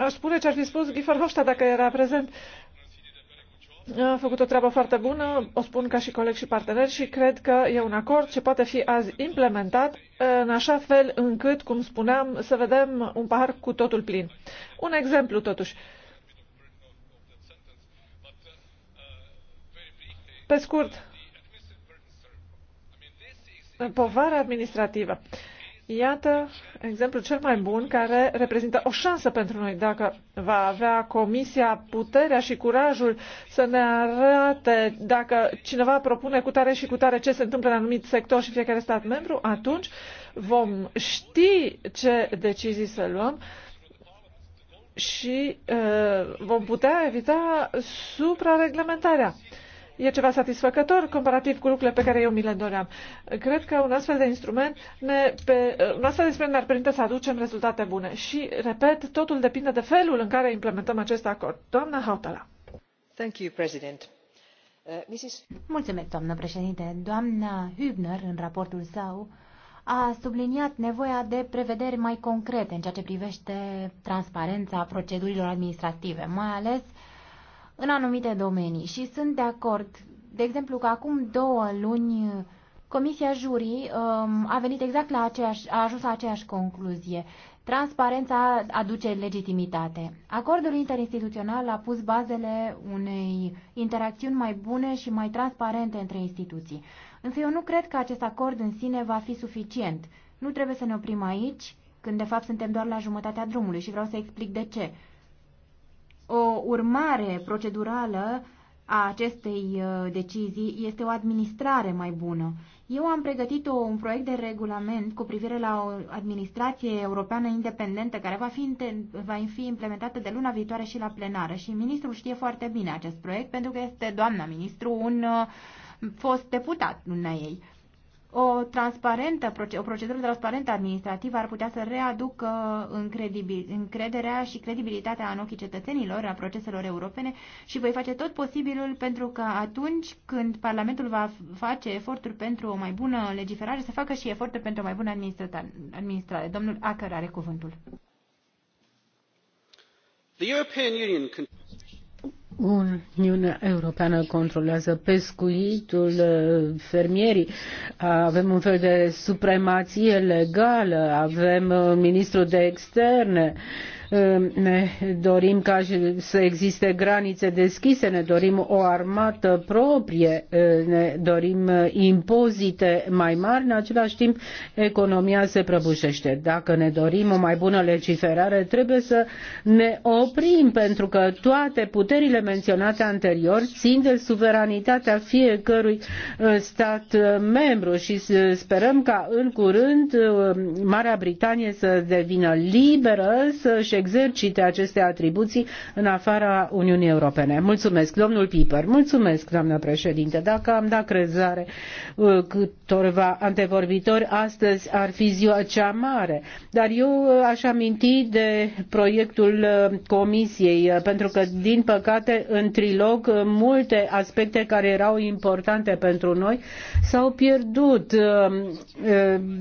aș spune ce ar fi spus Guy Verhofstadt dacă era prezent. Uh, a făcut o treabă foarte bună, o spun ca și coleg și partener și cred că e un acord ce poate fi azi implementat în așa fel încât, cum spuneam, să vedem un pahar cu totul plin. Un exemplu, totuși. Pe scurt, povara administrativă. Uh, Iată exemplul cel mai bun care reprezintă o șansă pentru noi. Dacă va avea Comisia puterea și curajul să ne arate dacă cineva propune cu tare și cu tare ce se întâmplă în anumit sector și fiecare stat membru, atunci vom ști ce decizii să luăm și uh, vom putea evita suprareglementarea. Uh, e ceva satisfăcător comparativ cu lucrurile pe care eu mi le doream. Cred că un astfel de instrument, ne, pe, un astfel de instrument ne-ar permite să aducem rezultate bune. Și, repet, totul depinde de felul în care implementăm acest acord. Doamna Hautala. Thank you, President. Uh, Mulțumesc, doamnă președinte. Doamna Hübner, în raportul său, a subliniat nevoia de prevederi mai concrete în ceea ce privește transparența procedurilor administrative, mai ales uh, în anumite domenii și sunt de acord. De exemplu, că acum două luni Comisia Jurii um, a venit exact la aceeași, a ajuns la aceeași concluzie. Transparența aduce legitimitate. Acordul interinstituțional a pus bazele unei interacțiuni mai bune și mai transparente între instituții. Însă eu nu cred că acest acord în sine va fi suficient. Nu trebuie să ne oprim aici, când de fapt suntem doar la jumătatea drumului și vreau să explic de ce. O urmare procedurală a acestei uh, decizii este o administrare mai bună. Eu am pregătit -o, un proiect de regulament cu privire la o administrație europeană independentă care va fi, va fi implementată de luna viitoare și la plenară și ministrul știe foarte bine acest proiect pentru că este doamna ministru un uh, fost deputat luna ei o, transparentă, o procedură transparentă administrativă ar putea să readucă încrederea și credibilitatea în ochii cetățenilor a proceselor europene și voi face tot posibilul pentru că atunci când Parlamentul va face eforturi pentru o mai bună legiferare, să facă și eforturi pentru o mai bună administrare. Domnul Acker are cuvântul. The European Union Uniunea Europeană controlează pescuitul, eh, fermierii, avem un fel de supremație legală, avem eh, ministrul de externe, uh, Ehm, ne dorim ca să existe granițe deschise, ne dorim o armată proprie, ehm, ne dorim eh, impozite mai mari, în același timp economia se prăbușește. Dacă ne dorim o mai bună legiferare, trebuie să ne oprim, pentru că toate puterile menționate anterior țin de suveranitatea fiecărui eh, stat eh, membru și sperăm ca în curând Marea Britanie să devină liberă, să-și exercite aceste atribuții în afara Uniunii Europene. Mulțumesc, domnul Piper. Mulțumesc, doamnă președinte. Dacă am dat crezare uh, cât câtorva antevorbitori, astăzi ar fi ziua cea mare. Dar eu uh, aș aminti de proiectul uh, Comisiei, uh, pentru că, din păcate, în trilog, multe aspecte care erau importante pentru noi s-au pierdut.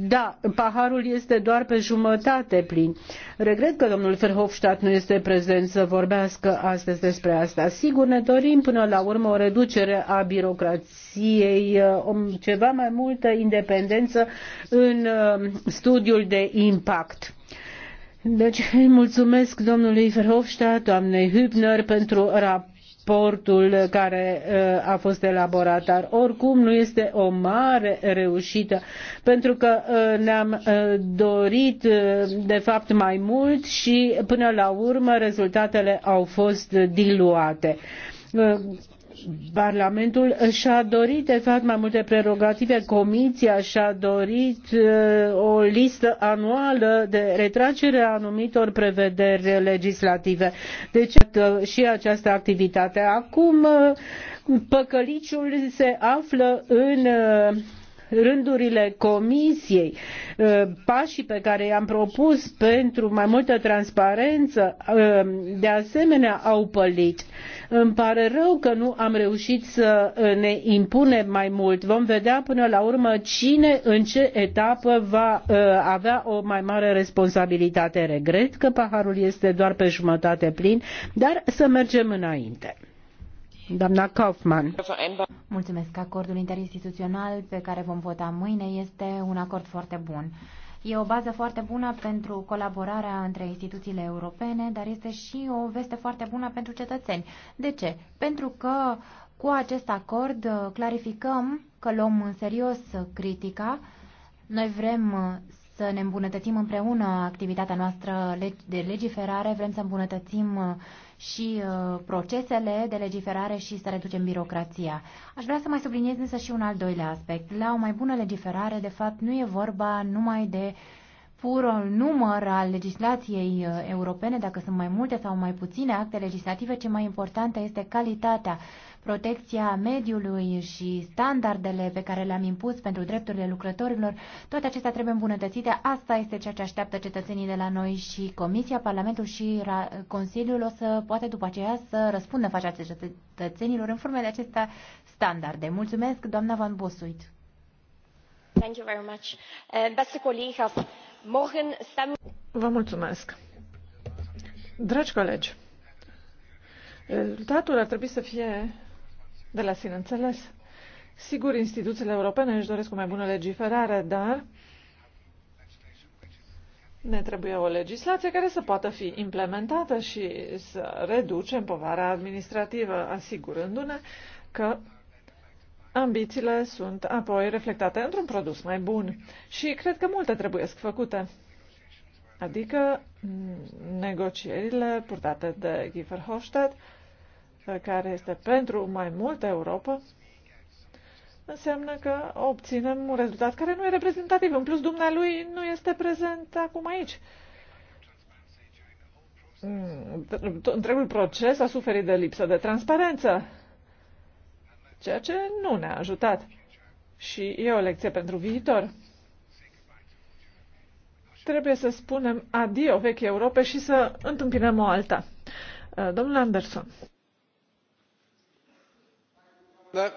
Da, paharul este doar pe jumătate plin. Regret că domnul Verhofstadt nu este prezent să vorbească astăzi despre asta. Sigur, ne dorim până la urmă o reducere a birocrației, ceva mai mult suficientă independență în uh, studiul de impact. Deci mulțumesc domnului Verhofstadt, doamnei Hübner pentru raportul care uh, a fost elaborat, dar oricum nu este o mare reușită, pentru că uh, ne-am dorit de fapt mai mult și până la urmă rezultatele au fost diluate Parlamentul și-a dorit, de fapt, mai multe prerogative, Comisia și-a dorit uh, o listă anuală de retragere a anumitor prevederi legislative. Deci și această activitate. Acum uh, păcăliciul se află în uh, rândurile comisiei, pașii pe care i-am propus pentru mai multă transparență, de asemenea au pălit. Îmi pare rău că nu am reușit să uh, ne impunem mai mult. Vom vedea până la urmă cine în ce etapă va uh, avea o mai mare responsabilitate. Regret că paharul este doar pe jumătate plin, dar să mergem înainte. Doamna Kaufmann. Mulțumesc. Acordul interinstituțional pe care vom vota mâine este un acord foarte bun. E o bază foarte bună pentru colaborarea între instituțiile europene, dar este și o veste foarte bună pentru cetățeni. De ce? Pentru că cu acest acord uh, clarificăm că luăm în serios critica. Noi vrem uh, să ne îmbunătățim împreună activitatea noastră de legiferare, vrem să îmbunătățim uh, și uh, procesele de legiferare și să reducem birocrația. Aș vrea să mai subliniez însă și un al doilea aspect. La o mai bună legiferare, de fapt, nu e vorba numai de pur număr al legislației uh, europene, dacă sunt mai multe sau mai puține acte legislative, ce mai importantă este calitatea protecția mediului și standardele pe care le-am impus pentru drepturile lucrătorilor, toate acestea trebuie îmbunătățite. Asta este ceea ce așteaptă cetățenii de la noi și Comisia, Parlamentul și Consiliul o să poate după aceea să răspundă în fața cetățenilor în de acestea standarde. Mulțumesc, doamna Van Bosuit. Thank you very much. Uh, morgen stem... Vă mulțumesc. Dragi colegi, Datul ar trebui să fie de la sine înțeles. Sigur, instituțiile europene își doresc o mai bună legiferare, dar ne trebuie o legislație care să poată fi implementată și să reducem povara administrativă, asigurându-ne că ambițiile sunt apoi reflectate într-un produs mai bun. Și cred că multe trebuie făcute. Adică mm, negocierile purtate de Giefer Hofstadt care este pentru mai multă Europa, înseamnă că obținem un rezultat care nu e reprezentativ. În plus, dumnealui nu este prezent acum aici. Mm, întregul proces a suferit de lipsă de transparență, ceea ce nu ne-a ajutat. Și e o lecție pentru viitor. Trebuie să spunem adio vechi Europe și să întâmpinăm o alta. Uh, domnul Anderson herr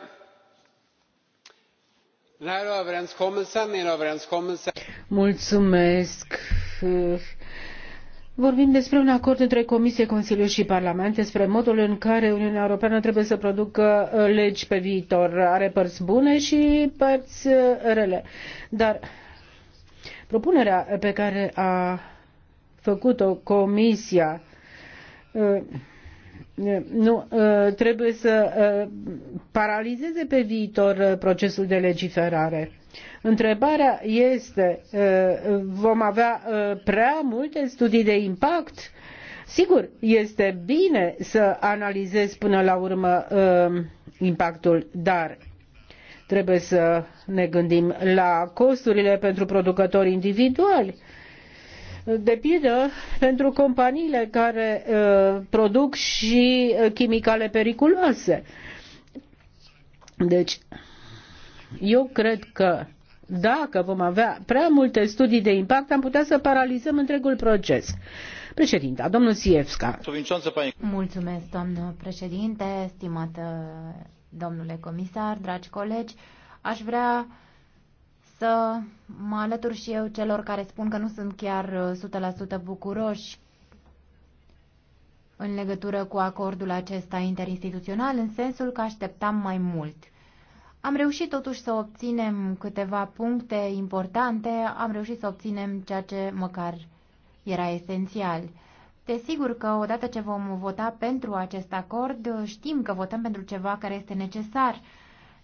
vorbim despre un acord între comisie consiliu și parlament despre modul în care uniunea europeană trebuie să producă uh, legi pe viitor. are părți bune și părți uh, rele dar propunerea pe care a făcut o comisia uh, nu ă, trebuie să ă, paralizeze pe viitor ă, procesul de legiferare. Întrebarea este, vom avea prea multe studii de impact? Sigur, este bine să analizezi până la urmă impactul, dar trebuie să ne gândim la costurile pentru producători individuali de pildă pentru companiile care uh, produc și uh, chimicale periculoase. Deci, eu cred că dacă vom avea prea multe studii de impact, am putea să paralizăm întregul proces. Președinta, domnul Sievska. Mulțumesc, domnul președinte, stimată domnule comisar, dragi colegi. Aș vrea să mă alătur și eu celor care spun că nu sunt chiar uh, 100% bucuroși în legătură cu acordul acesta interinstituțional, în sensul că așteptam mai mult. Am reușit totuși să obținem câteva puncte importante, am reușit să obținem ceea ce măcar era esențial. Desigur că odată ce vom vota pentru acest acord, știm că votăm pentru ceva care este necesar.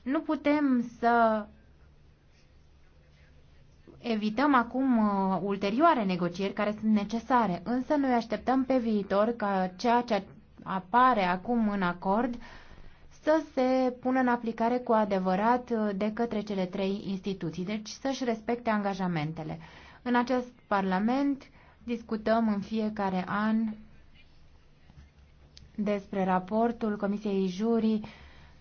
Nu putem să evităm acum uh, ulterioare negocieri care sunt necesare, însă noi așteptăm pe viitor ca ceea ce apare acum în acord să se pună în aplicare cu adevărat uh, de către cele trei instituții, deci să-și respecte angajamentele. În acest Parlament discutăm în fiecare an despre raportul Comisiei Jurii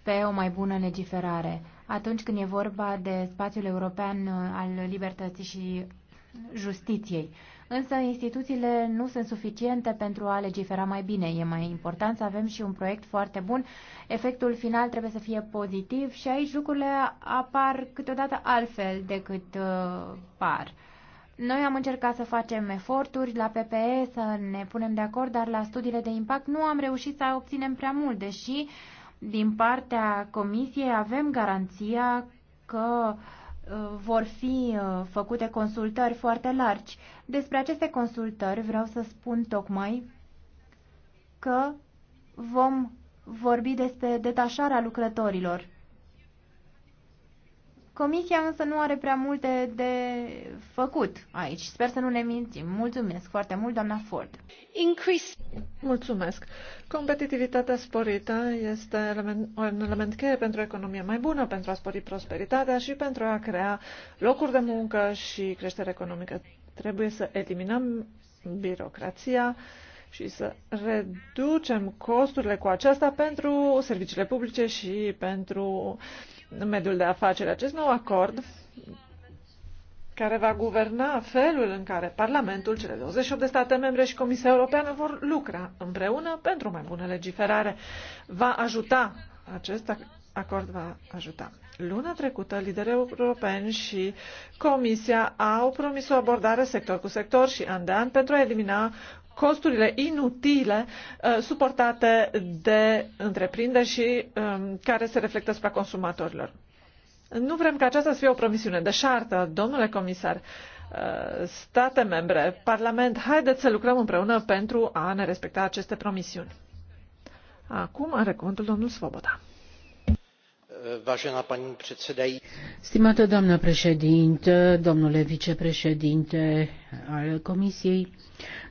pe o mai bună legiferare atunci când e vorba de spațiul european uh, al libertății și justiției. Însă instituțiile nu sunt suficiente pentru a legifera mai bine. E mai important să avem și un proiect foarte bun. Efectul final trebuie să fie pozitiv și aici lucrurile apar câteodată altfel decât uh, par. Noi am încercat să facem eforturi la PPE, să ne punem de acord, dar la studiile de impact nu am reușit să obținem prea mult, deși uh, din partea Comisiei avem garanția că uh, vor fi uh, făcute consultări foarte largi. Despre aceste consultări vreau să spun tocmai că vom vorbi despre detașarea lucrătorilor. Comisia însă nu are prea multe de făcut aici. Sper să nu ne mințim. Mulțumesc foarte mult, doamna Ford. Increase. Mulțumesc. Competitivitatea sporită este element, un element cheie pentru o economie mai bună, pentru a spori prosperitatea și pentru a crea locuri de muncă și creștere economică. Trebuie să eliminăm birocrația și să reducem costurile cu aceasta pentru serviciile publice și pentru uh, în mediul de afaceri. Acest nou acord care va guverna felul în care Parlamentul, cele 28 de state membre și Comisia Europeană vor lucra împreună pentru o mai bună legiferare. Va ajuta, acest acord va ajuta. Luna trecută, liderii europeni și Comisia au promis o abordare sector cu sector și an de an pentru a elimina costurile inutile uh, suportate de întreprinderi și um, care se reflectă asupra consumatorilor. Nu vrem ca aceasta să fie o promisiune de șartă, domnule comisar. Uh, state membre, Parlament, haideți să lucrăm împreună pentru a ne respecta aceste promisiuni. Acum are cuvântul domnul Svoboda. Stimată doamnă președintă, domnule vicepreședinte al Comisiei,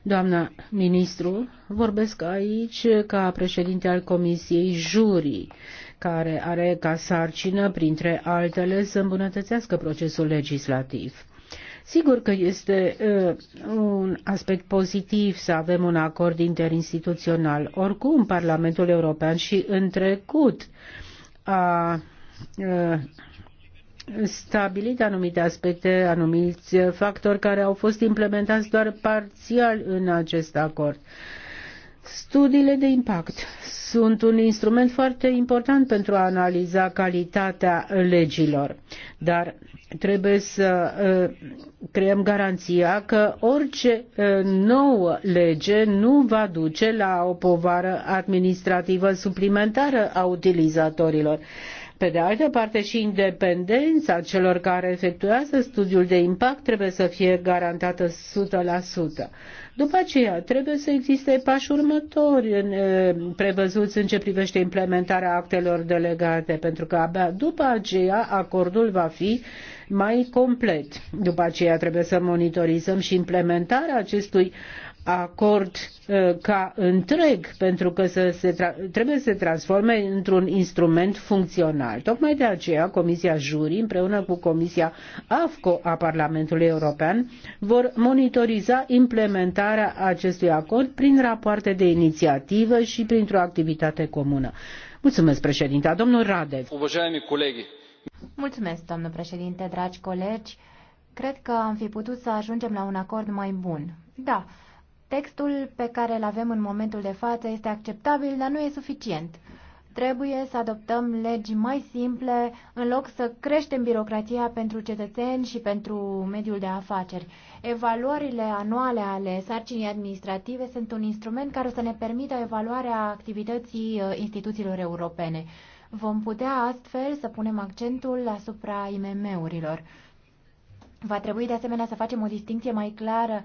doamnă ministru, vorbesc aici ca președinte al Comisiei juri, care are ca sarcină, printre altele, să îmbunătățească procesul legislativ. Sigur că este uh, un aspect pozitiv să avem un acord interinstituțional. Oricum, Parlamentul European și în trecut uh, a stabilit anumite aspecte, anumiți factori care au fost implementați doar parțial în acest acord. Studiile de impact sunt un instrument foarte important pentru a analiza calitatea legilor, dar trebuie să uh, creăm garanția că orice uh, nouă lege nu va duce la o povară administrativă suplimentară a utilizatorilor. Pe de altă parte și independența celor care efectuează studiul de impact trebuie să fie garantată 100%. După aceea, trebuie să existe pași următori în, prevăzuți în ce privește implementarea actelor delegate, pentru că abia după aceea acordul va fi mai complet. După aceea trebuie să monitorizăm și implementarea acestui uh, acord uh, ca întreg, pentru că să se trebuie să se transforme într-un instrument funcțional. Tocmai de aceea Comisia Juri, împreună cu Comisia AFCO a Parlamentului European, vor monitoriza implementarea acestui acord prin rapoarte de inițiativă și printr-o activitate comună. Mulțumesc, președinte. Domnul Radev. Mulțumesc, domnul președinte, dragi colegi. Cred că am fi putut să ajungem la un acord mai bun. Da, Textul pe care îl avem în momentul de față este acceptabil, dar nu e suficient. Trebuie să adoptăm legi mai simple în loc să creștem birocrația pentru cetățeni și pentru mediul de afaceri. Evaluările anuale ale sarcinii administrative sunt un instrument care o să ne permită evaluarea activității uh, instituțiilor europene. Vom putea astfel să punem accentul asupra IMM-urilor. Va trebui de asemenea să facem o distinție mai clară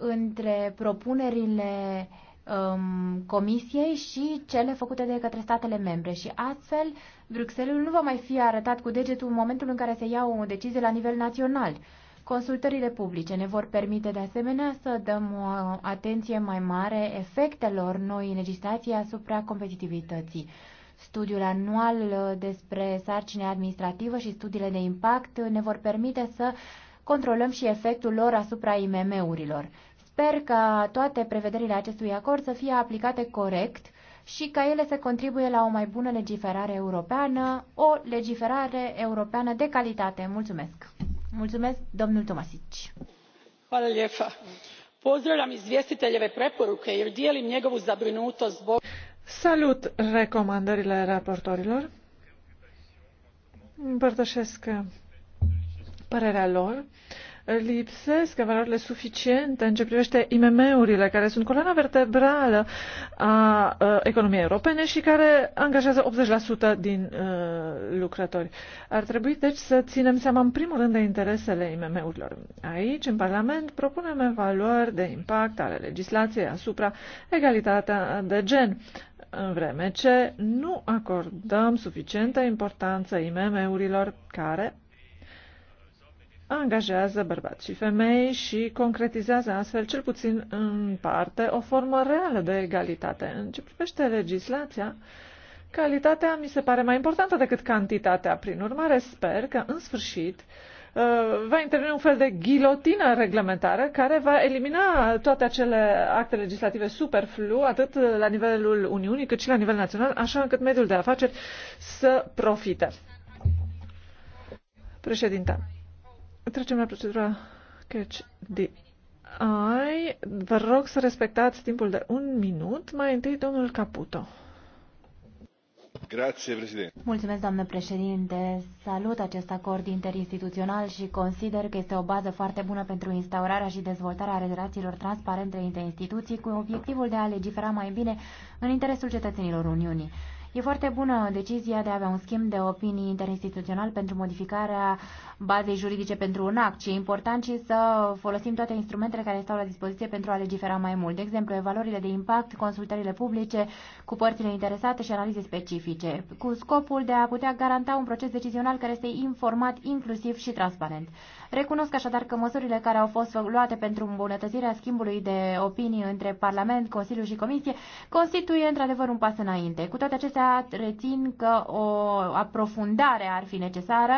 între propunerile um, Comisiei și cele făcute de către statele membre și astfel Bruxelles nu va mai fi arătat cu degetul în momentul în care se ia o decizie la nivel național. Consultările publice ne vor permite de asemenea să dăm o atenție mai mare efectelor noi legislații asupra competitivității. Studiul anual despre sarcine administrativă și studiile de impact ne vor permite să controlăm și efectul lor asupra IMM-urilor. Sper ca toate prevederile acestui acord să fie aplicate corect și ca ele să contribuie la o mai bună legiferare europeană, o legiferare europeană de calitate. Mulțumesc! Mulțumesc, domnul Tomasici! Pozdravljam izvjestiteljeve preporuke jer dijelim njegovu zabrinutost zbog... Salut recomandările raportorilor. Împărtășesc părerea lor lipsesc valorile suficiente în ce privește IMM-urile, care sunt coloana vertebrală a economiei europene și care angajează 80% din uh, lucrători. Ar trebui, deci, să ținem seama, în primul rând, de interesele IMM-urilor. Aici, în Parlament, propunem evaluări de impact ale legislației asupra egalitatea de gen, în vreme ce nu acordăm suficientă importanță IMM-urilor care angajează bărbați și femei și concretizează astfel, cel puțin în parte, o formă reală de egalitate. În ce privește legislația, calitatea mi se pare mai importantă decât cantitatea. Prin urmare, sper că, în sfârșit, uh, va interveni un fel de ghilotină reglementară care va elimina toate acele acte legislative superflu, atât la nivelul Uniunii, cât și la nivel național, așa încât mediul de afaceri să profite. Președinta, Trecem la procedura catch the eye. Vă rog să respectați timpul de un minut. Mai întâi, domnul Caputo. Grazie, președinte. Mulțumesc, doamnă președinte. Salut acest acord interinstituțional și consider că este o bază foarte bună pentru instaurarea și dezvoltarea relațiilor transparente între instituții cu obiectivul de a legifera mai bine în interesul cetățenilor Uniunii. E foarte bună decizia de a avea un schimb de opinii interinstituțional pentru modificarea bazei juridice pentru un act Ce e important și să folosim toate instrumentele care stau la dispoziție pentru a legifera mai mult. De exemplu, evaluările de impact, consultările publice cu părțile interesate și analize specifice, cu scopul de a putea garanta un proces decizional care este informat, inclusiv și transparent. Recunosc așadar că măsurile care au fost luate pentru îmbunătățirea schimbului de opinii între Parlament, Consiliu și Comisie constituie într-adevăr un pas înainte. Cu toate acestea, rețin că o aprofundare ar fi necesară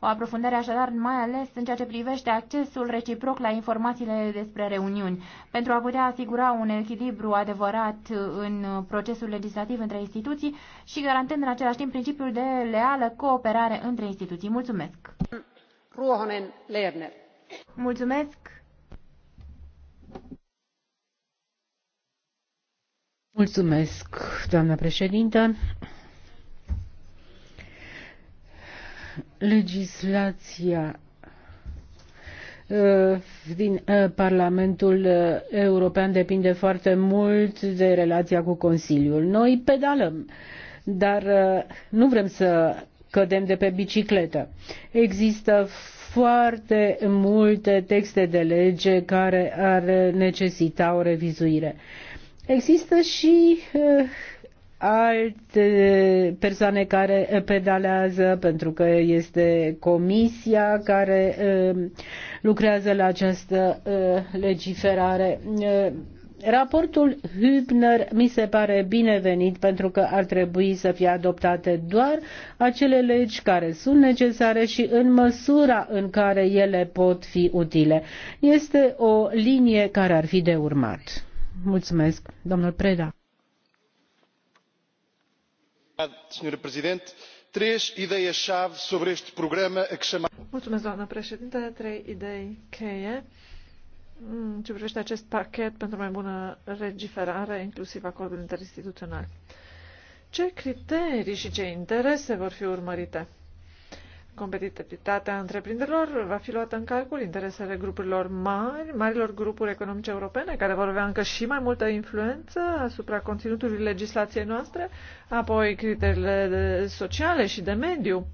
o aprofundare așadar, mai ales în ceea ce privește accesul reciproc la informațiile despre reuniuni, pentru a putea asigura un echilibru adevărat în procesul legislativ între instituții și garantând în același timp principiul de leală cooperare între instituții. Mulțumesc! doamnă Mulțumesc. Mulțumesc, președintă. Legislația uh, din uh, Parlamentul uh, European depinde foarte mult de relația cu Consiliul. Noi pedalăm, dar nu vrem să cădem de pe bicicletă. Există foarte multe texte de lege care ar necesita o revizuire. Există și eh, alte persoane care eh, pedalează pentru că este comisia care eh, lucrează la această legiferare. Raportul Hübner mi se pare binevenit pentru că ar trebui să fie adoptate doar acele legi care sunt necesare și în măsura în care ele pot fi utile. Este o linie care ar fi de urmat. Mulțumesc, domnul Preda. Domnule președinte, trei idei chave sobre este programa Mulțumesc, doamnă președinte, trei idei cheie Mm, ce privește acest pachet pentru mai bună regiferare, inclusiv acordul interinstituțional. Ce criterii și ce interese vor fi urmărite? Competitivitatea întreprinderilor va fi luată în calcul, interesele grupurilor mari, marilor grupuri economice europene, care vor avea încă și mai multă influență asupra conținutului legislației noastre, apoi criteriile sociale și de mediu,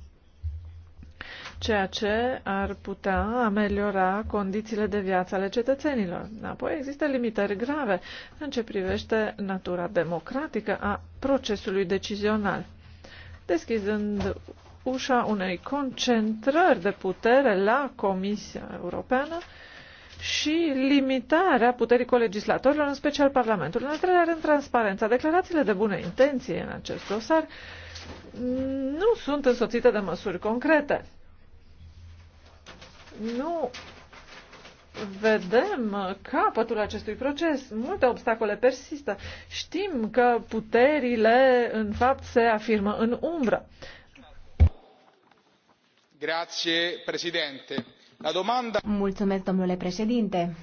ceea ce ar putea ameliora condițiile de viață ale cetățenilor. Apoi există limitări grave în ce privește natura democratică a procesului decizional, deschizând ușa unei concentrări de putere la Comisia Europeană și limitarea puterii colegislatorilor, în special Parlamentul. În al treilea rând, transparența. Declarațiile de bună intenție în acest dosar nu sunt însoțite de măsuri concrete nu vedem capătul acestui proces. Multe obstacole persistă. Știm că puterile, în fapt, se afirmă în umbră. Grazie, președinte. La domanda... Mulțumesc, domnule președinte.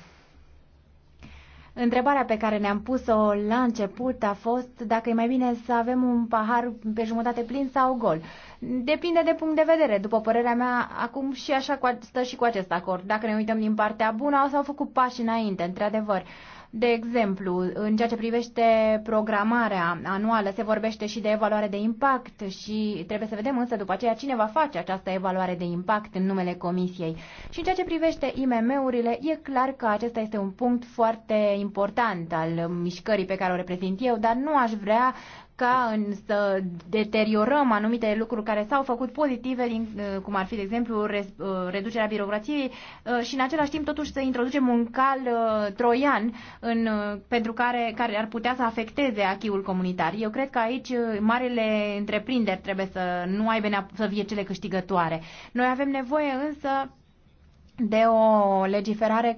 Întrebarea pe care ne-am pus-o la început a fost dacă e mai bine să avem un pahar pe jumătate plin sau gol. Depinde de punct de vedere. După părerea mea, acum și așa stă și cu acest acord. Dacă ne uităm din partea bună, s-au făcut pași înainte, într-adevăr. De exemplu, în ceea ce privește programarea anuală, se vorbește și de evaluare de impact și trebuie să vedem însă după aceea cine va face această evaluare de impact în numele Comisiei. Și în ceea ce privește IMM-urile, e clar că acesta este un punct foarte important al mișcării pe care o reprezint eu, dar nu aș vrea ca în să deteriorăm anumite lucruri care s-au făcut pozitive, din, uh, cum ar fi, de exemplu, re, uh, reducerea birocrației uh, și în același timp totuși să introducem un cal troian în, pentru care, care ar putea să afecteze achiul comunitar. Eu cred că aici marele întreprinderi trebuie să nu aibă să fie cele câștigătoare. Noi avem nevoie însă de o legiferare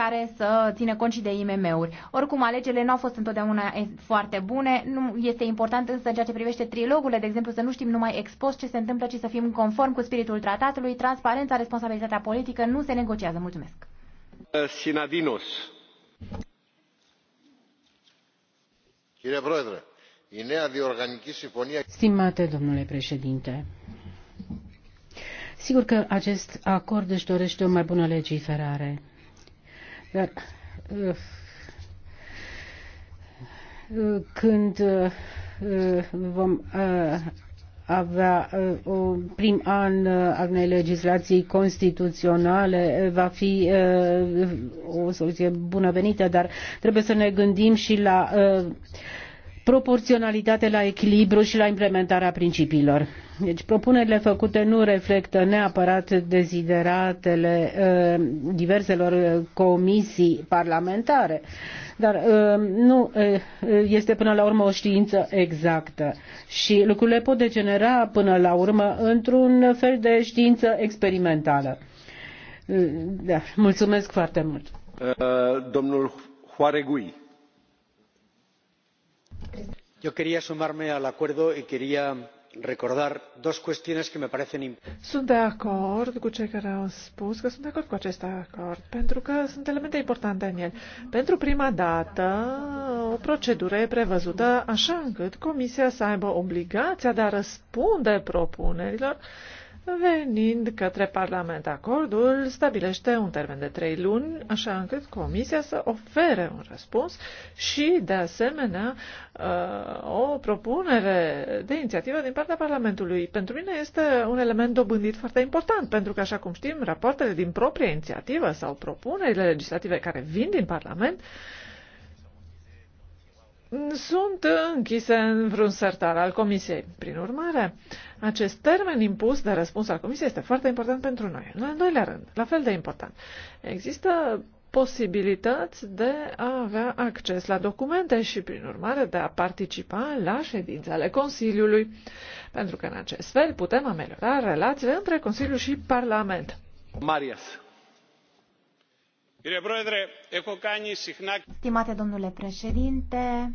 care să țină cont și de IMM-uri. Oricum, alegerile nu au fost întotdeauna foarte bune. Nu este important însă în ceea ce privește trilogurile, de exemplu, să nu știm numai expost ce se întâmplă, ci să fim conform cu spiritul tratatului. Transparența, responsabilitatea politică nu se negociază. Mulțumesc. Sinadinos. Stimate domnule președinte, sigur că acest acord își dorește o mai bună legiferare dar uh, uh, când uh, vom avea un prim an al unei legislații constituționale va fi o soluție bunăvenită, dar trebuie să ne gândim și la proporționalitate la echilibru și la implementarea principiilor. Deci propunerile făcute nu reflectă neapărat dezideratele uh, diverselor uh, comisii parlamentare, dar uh, nu este până la urmă o știință exactă și lucrurile pot degenera până la urmă într-un fel de știință experimentală. Da, mulțumesc foarte mult. Uh, domnul Huaregui yo quería sumarme al acuerdo y quería recordar dos cuestiones que me parecen Sunt de acord cu cei care au spus că sunt de acord cu acest acord, pentru că sunt elemente importante Pentru prima dată, o procedură e prevăzută așa încât Comisia să aibă obligația de a răspunde propunerilor uh, venind către Parlament. Acordul stabilește un termen de trei luni, așa încât Comisia să ofere un răspuns și, de asemenea, uh, o propunere de inițiativă din partea Parlamentului. Pentru mine este un element dobândit foarte important, pentru că, așa cum știm, rapoartele din propria inițiativă sau propunerile legislative care vin din Parlament sunt închise în vreun sertar al Comisiei. Prin urmare, uh, acest termen impus de răspuns al Comisiei este foarte important pentru noi. În al doilea rând, la fel de important, există posibilități de a avea acces la documente și, prin urmare, de a participa la ale Consiliului, pentru că, în acest fel, putem ameliora relațiile între Consiliu și Parlament. Marias. Stimate domnule președinte,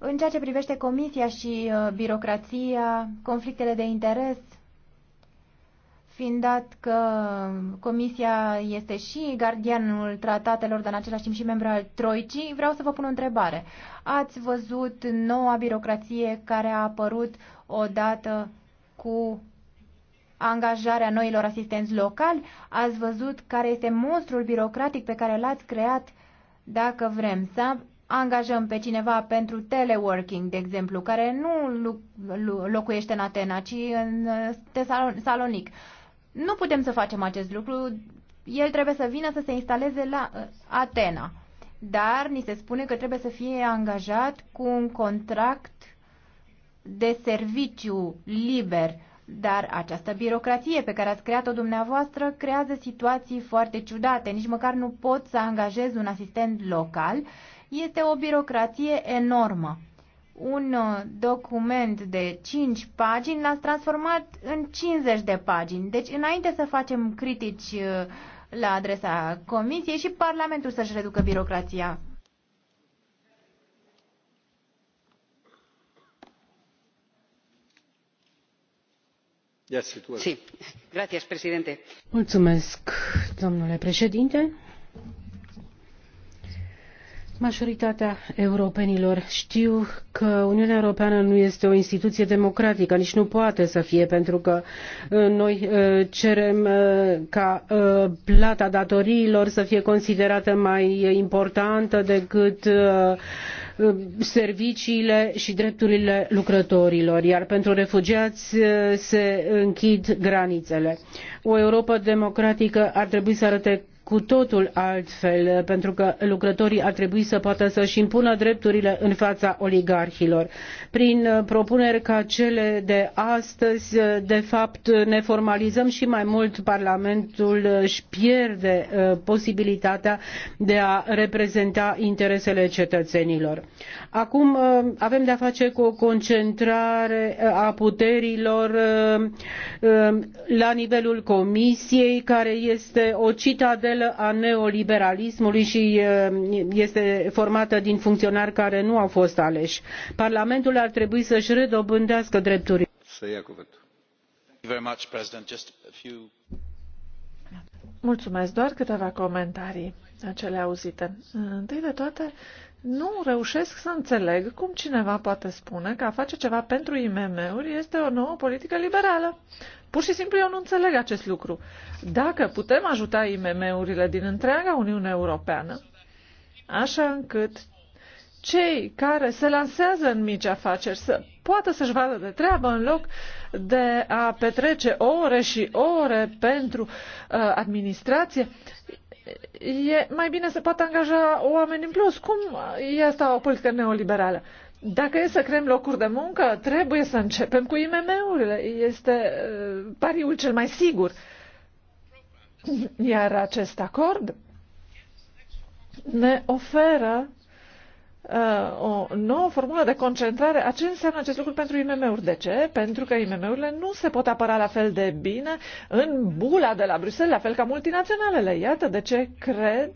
în ceea ce privește comisia și uh, birocrația, conflictele de interes, fiind dat că comisia este și gardianul tratatelor, dar în același timp și membru al Troicii, vreau să vă pun o întrebare. Ați văzut noua birocrație care a apărut odată cu angajarea noilor asistenți locali? Ați văzut care este monstrul birocratic pe care l-ați creat dacă vrem să angajăm pe cineva pentru teleworking, de exemplu, care nu locuiește în Atena, ci în Salonic. Nu putem să facem acest lucru. El trebuie să vină să se instaleze la uh, Atena. Dar ni se spune că trebuie să fie angajat cu un contract de serviciu liber. Dar această birocrație pe care ați creat-o dumneavoastră creează situații foarte ciudate. Nici măcar nu pot să angajez un asistent local este o birocratie enormă. Un uh, document de 5 pagini l-ați transformat în 50 de pagini. Deci, înainte să facem critici uh, la adresa Comisiei și Parlamentul să-și reducă birocrația. Mulțumesc, domnule președinte Majoritatea europenilor știu că Uniunea Europeană nu este o instituție democratică, nici nu poate să fie, pentru că uh, noi uh, cerem uh, ca plata datoriilor să fie considerată mai importantă decât serviciile și drepturile lucrătorilor, iar pentru refugiați se închid granițele. O Europa democratică ar trebui să arate cu totul altfel, pentru că lucrătorii ar trebui să poată să-și impună drepturile în fața oligarhilor. Prin uh, propuneri ca cele de astăzi, uh, de fapt, ne formalizăm și mai mult Parlamentul își pierde uh, posibilitatea de a reprezenta interesele cetățenilor. Acum avem de-a face cu o concentrare a puterilor la nivelul Comisiei, care este o citadelă clientelă a neoliberalismului și eh, este formată din funcționari care nu au fost aleși. Parlamentul ar trebui să-și redobândească drepturile. Mulțumesc, doar câteva comentarii acele auzite. Întâi de toate, nu reușesc să înțeleg cum cineva poate spune că a face ceva pentru IMM-uri este o nouă politică liberală. Pur și simplu eu nu înțeleg acest lucru. Dacă putem ajuta IMM-urile din întreaga Uniune Europeană, așa încât cei care se lansează în mici afaceri să poată să-și vadă de treabă în loc de a petrece ore și ore pentru uh, administrație, e mai bine se poate angaja oameni în plus. Cum e asta o politică neoliberală? Dacă e să creăm locuri de muncă, trebuie să începem cu IMM-urile. Este uh, pariul cel mai sigur. Iar acest acord ne oferă Uh, o nouă formulă de concentrare, a ce înseamnă acest lucru pentru IMM-uri? De ce? Pentru că IMM-urile nu se pot apăra la fel de bine în bula de la Bruxelles, la fel ca multinaționalele. Iată de ce cred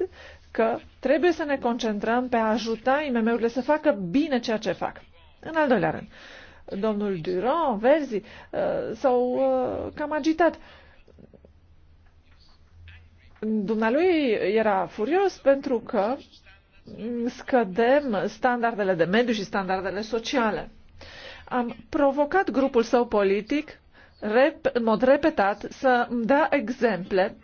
că trebuie să ne concentrăm pe a ajuta IMM-urile să facă bine ceea ce fac. În al doilea rând, domnul Duron, Verzi, uh, s-au uh, cam agitat. Dumnealui era furios pentru că scădem standardele de mediu și standardele sociale. Am provocat grupul său politic rep, în mod repetat să îmi dea exemple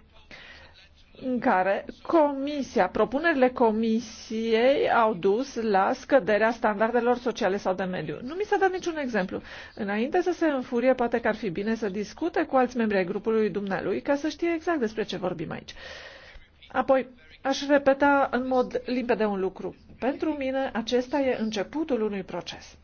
în care comisia, propunerile comisiei au dus la scăderea standardelor sociale sau de mediu. Nu mi s-a dat niciun exemplu. Înainte să se înfurie, poate că ar fi bine să discute cu alți membri ai grupului dumnealui ca să știe exact despre ce vorbim aici. Apoi, aș repeta în mod limpede un lucru. Pentru mine acesta e începutul unui proces.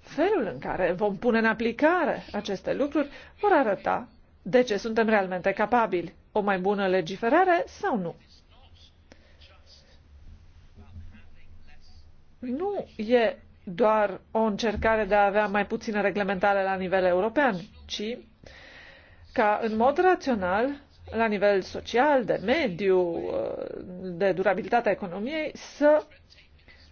Felul în care vom pune în aplicare aceste lucruri vor arăta de ce suntem realmente capabili, o mai bună legiferare sau nu. Nu e doar o încercare de a avea mai puțină reglementare la nivel european, ci ca în mod rațional la nivel social, de mediu, de durabilitatea economiei, să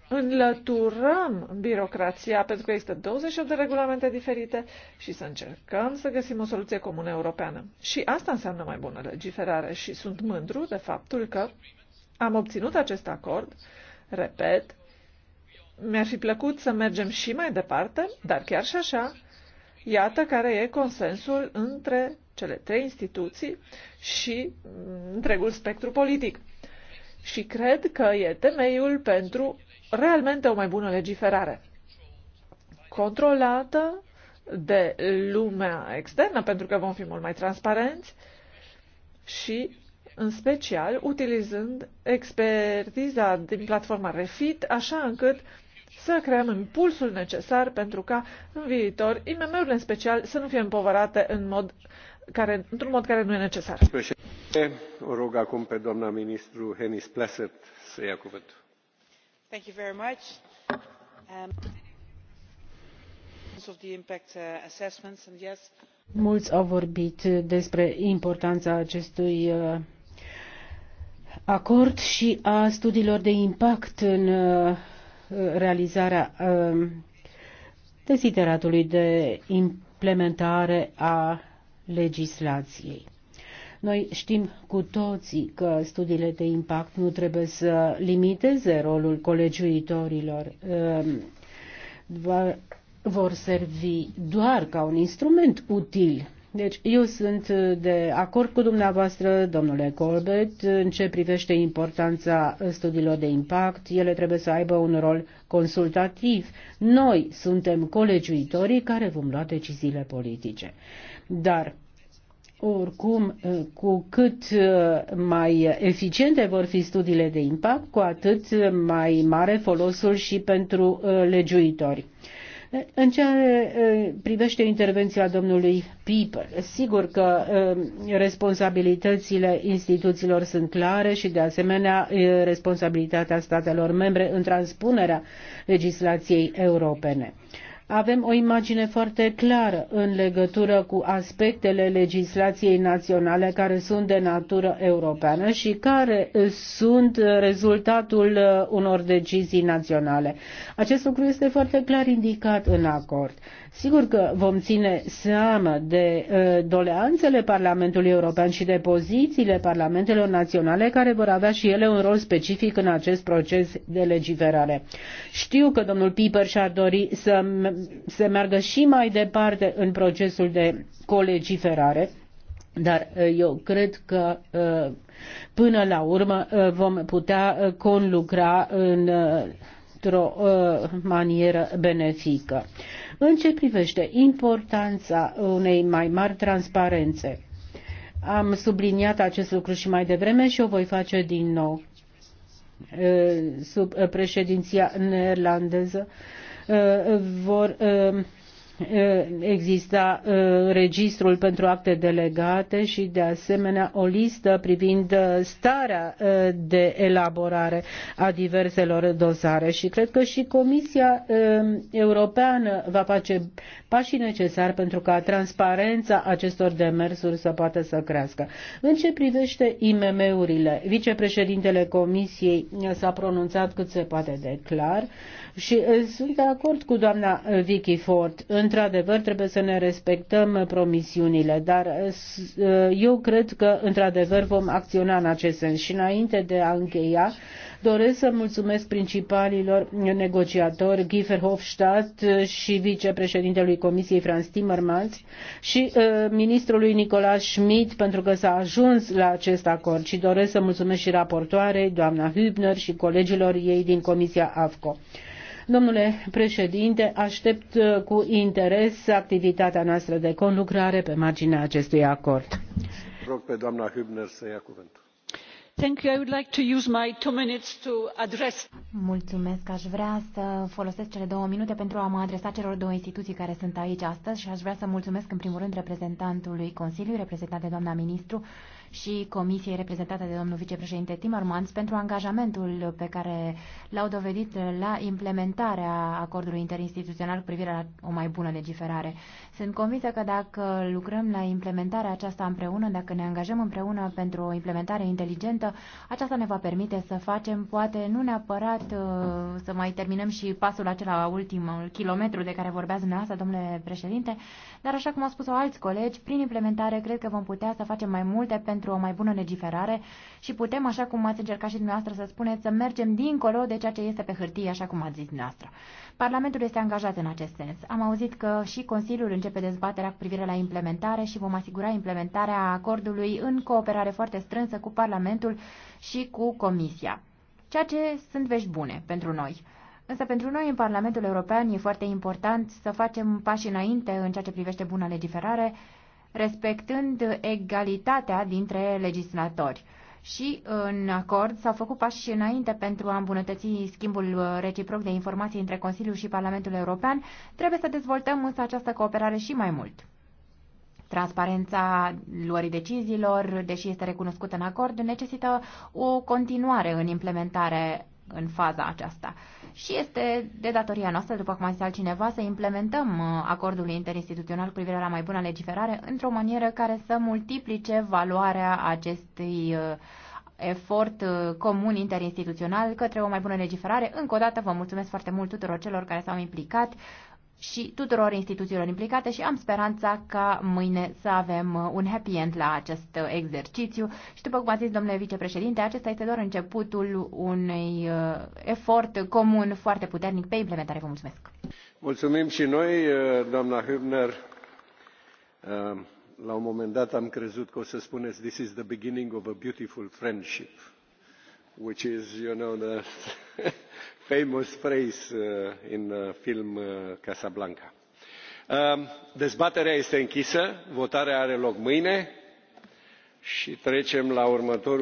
înlăturăm birocrația, pentru că există 28 de regulamente diferite și să încercăm să găsim o soluție comună europeană. Și asta înseamnă mai bună legiferare și sunt mândru de faptul că am obținut acest acord, repet, mi-ar fi plăcut să mergem și mai departe, dar chiar și așa, iată care e consensul între cele trei instituții și mm, întregul spectru politic. Și cred că e temeiul pentru realmente o mai bună legiferare. Controlată de lumea externă, pentru că vom fi mult mai transparenți și, în special, utilizând expertiza din platforma Refit, așa încât să creăm impulsul necesar pentru ca, în viitor, IMM-urile în special să nu fie împovărate în mod care, într-un mod care nu e necesar. Președinte, o rog acum pe doamna ministru Hennis Plassert să ia cuvântul. Thank you very much. Um, of the impact uh, assessments and yes. Mulți au vorbit despre importanța acestui uh, acord și a studiilor de impact în uh, realizarea um, desideratului de implementare a legislației. Noi știm cu toții că studiile de impact nu trebuie să limiteze rolul colegiuitorilor. Um, vor servi doar ca un instrument util. Deci eu sunt de acord cu dumneavoastră, domnule Colbert, în ce privește importanța studiilor de impact. Ele trebuie să aibă un rol consultativ. Noi suntem colegiuitorii care vom lua deciziile politice. Dar oricum, cu cât uh, mai eficiente vor fi studiile de impact, cu atât mai mare folosul și pentru uh, legiuitori. În ce uh, privește intervenția domnului Piper, sigur că responsabilitățile instituțiilor sunt clare și, de asemenea, responsabilitatea statelor membre în transpunerea legislației europene avem o imagine foarte clară în legătură cu aspectele legislației naționale care sunt de natură europeană și care sunt rezultatul uh, unor decizii naționale. Acest lucru este foarte clar indicat în acord. Sigur că vom ține seama de uh, doleanțele Parlamentului European și de pozițiile Parlamentelor Naționale care vor avea și ele un rol specific în acest proces de legiferare. Știu că domnul Piper și-ar dori să se meargă și mai departe în procesul de colegiferare. Dar uh, eu cred că uh, până la urmă uh, vom putea conlucra în într-o uh, manieră benefică. În ce privește importanța unei mai mari transparențe, am subliniat acest lucru și mai devreme și o voi face din nou uh, sub președinția neerlandeză. Uh, Uh, vor uh, uh, exista registrul pentru acte delegate și de asemenea o listă privind starea de elaborare a diverselor dosare și cred că și Comisia Europeană va face pașii necesari pentru ca transparența acestor demersuri să poată să crească. În ce privește IMM-urile, vicepreședintele Comisiei s-a pronunțat cât se poate de clar și eh, sunt de acord cu doamna eh, Vicky Ford. Într-adevăr, trebuie să ne respectăm eh, promisiunile, dar eu cred că, într-adevăr, vom acționa în acest sens. Și înainte de a încheia, doresc să mulțumesc principalilor negociatori, Giefer Hofstadt și vicepreședintelui Comisiei Franz Timmermans și ministrului Nicolas Schmidt pentru că s-a ajuns la acest acord și doresc să mulțumesc și raportoarei, doamna Hübner și colegilor ei din Comisia AFCO. Domnule președinte, aștept uh, cu interes activitatea noastră de conlucrare pe marginea acestui acord. Rog pe doamna Hübner să ia cuvântul. Thank you. I would like to use my two minutes to address. Mulțumesc. Aș vrea să folosesc cele două minute pentru a mă adresa celor două instituții care sunt aici astăzi și aș vrea să mulțumesc în primul rând reprezentantului Consiliului, reprezentat de doamna ministru, și comisiei reprezentată de domnul vicepreședinte Timmermans pentru angajamentul pe care l-au dovedit la implementarea acordului interinstituțional cu privire la o mai bună legiferare. Sunt convinsă că dacă lucrăm la implementarea aceasta împreună, dacă ne angajăm împreună pentru o implementare inteligentă, aceasta ne va permite să facem, poate nu neapărat uh, să mai terminăm și pasul acela ultimul kilometru de care vorbează dumneavoastră, domnule președinte, dar așa cum au spus-o alți colegi, prin implementare cred că vom putea să facem mai multe pentru pentru o mai bună legiferare și putem, așa cum ați încercat și dumneavoastră să spuneți, să mergem dincolo de ceea ce este pe hârtie, așa cum ați zis dumneavoastră. Parlamentul este angajat în acest sens. Am auzit că și Consiliul începe dezbaterea cu privire la implementare și vom asigura implementarea acordului în cooperare foarte strânsă cu Parlamentul și cu Comisia. Ceea ce sunt vești bune pentru noi. Însă pentru noi în Parlamentul European e foarte important să facem pași înainte în ceea ce privește buna legiferare respectând egalitatea dintre legislatori. Și în acord s-au făcut pași înainte pentru a îmbunătăți schimbul reciproc de informații între Consiliu și Parlamentul European, trebuie să dezvoltăm însă această cooperare și mai mult. Transparența luării deciziilor, deși este recunoscută în acord, necesită o continuare în implementare în faza aceasta. Și este de datoria noastră, după cum a zis altcineva, să implementăm uh, acordul interinstituțional cu privire la mai bună legiferare într-o manieră care să multiplice valoarea acestui uh, efort uh, comun interinstituțional către o mai bună legiferare. Încă o dată vă mulțumesc foarte mult tuturor celor care s-au implicat și tuturor instituțiilor implicate și am speranța ca mâine să avem uh, un happy end la acest uh, exercițiu. Și după cum a zis domnule vicepreședinte, acesta este doar începutul unui uh, efort comun foarte puternic pe implementare. Vă mulțumesc! Mulțumim și noi, doamna Hübner. La un moment dat am crezut că o să spuneți This is the beginning of a beautiful friendship, which is, you know, the famous phrase uh, in uh, film uh, Casablanca. Um, dezbaterea este închisă, votarea are loc mâine și trecem la următorul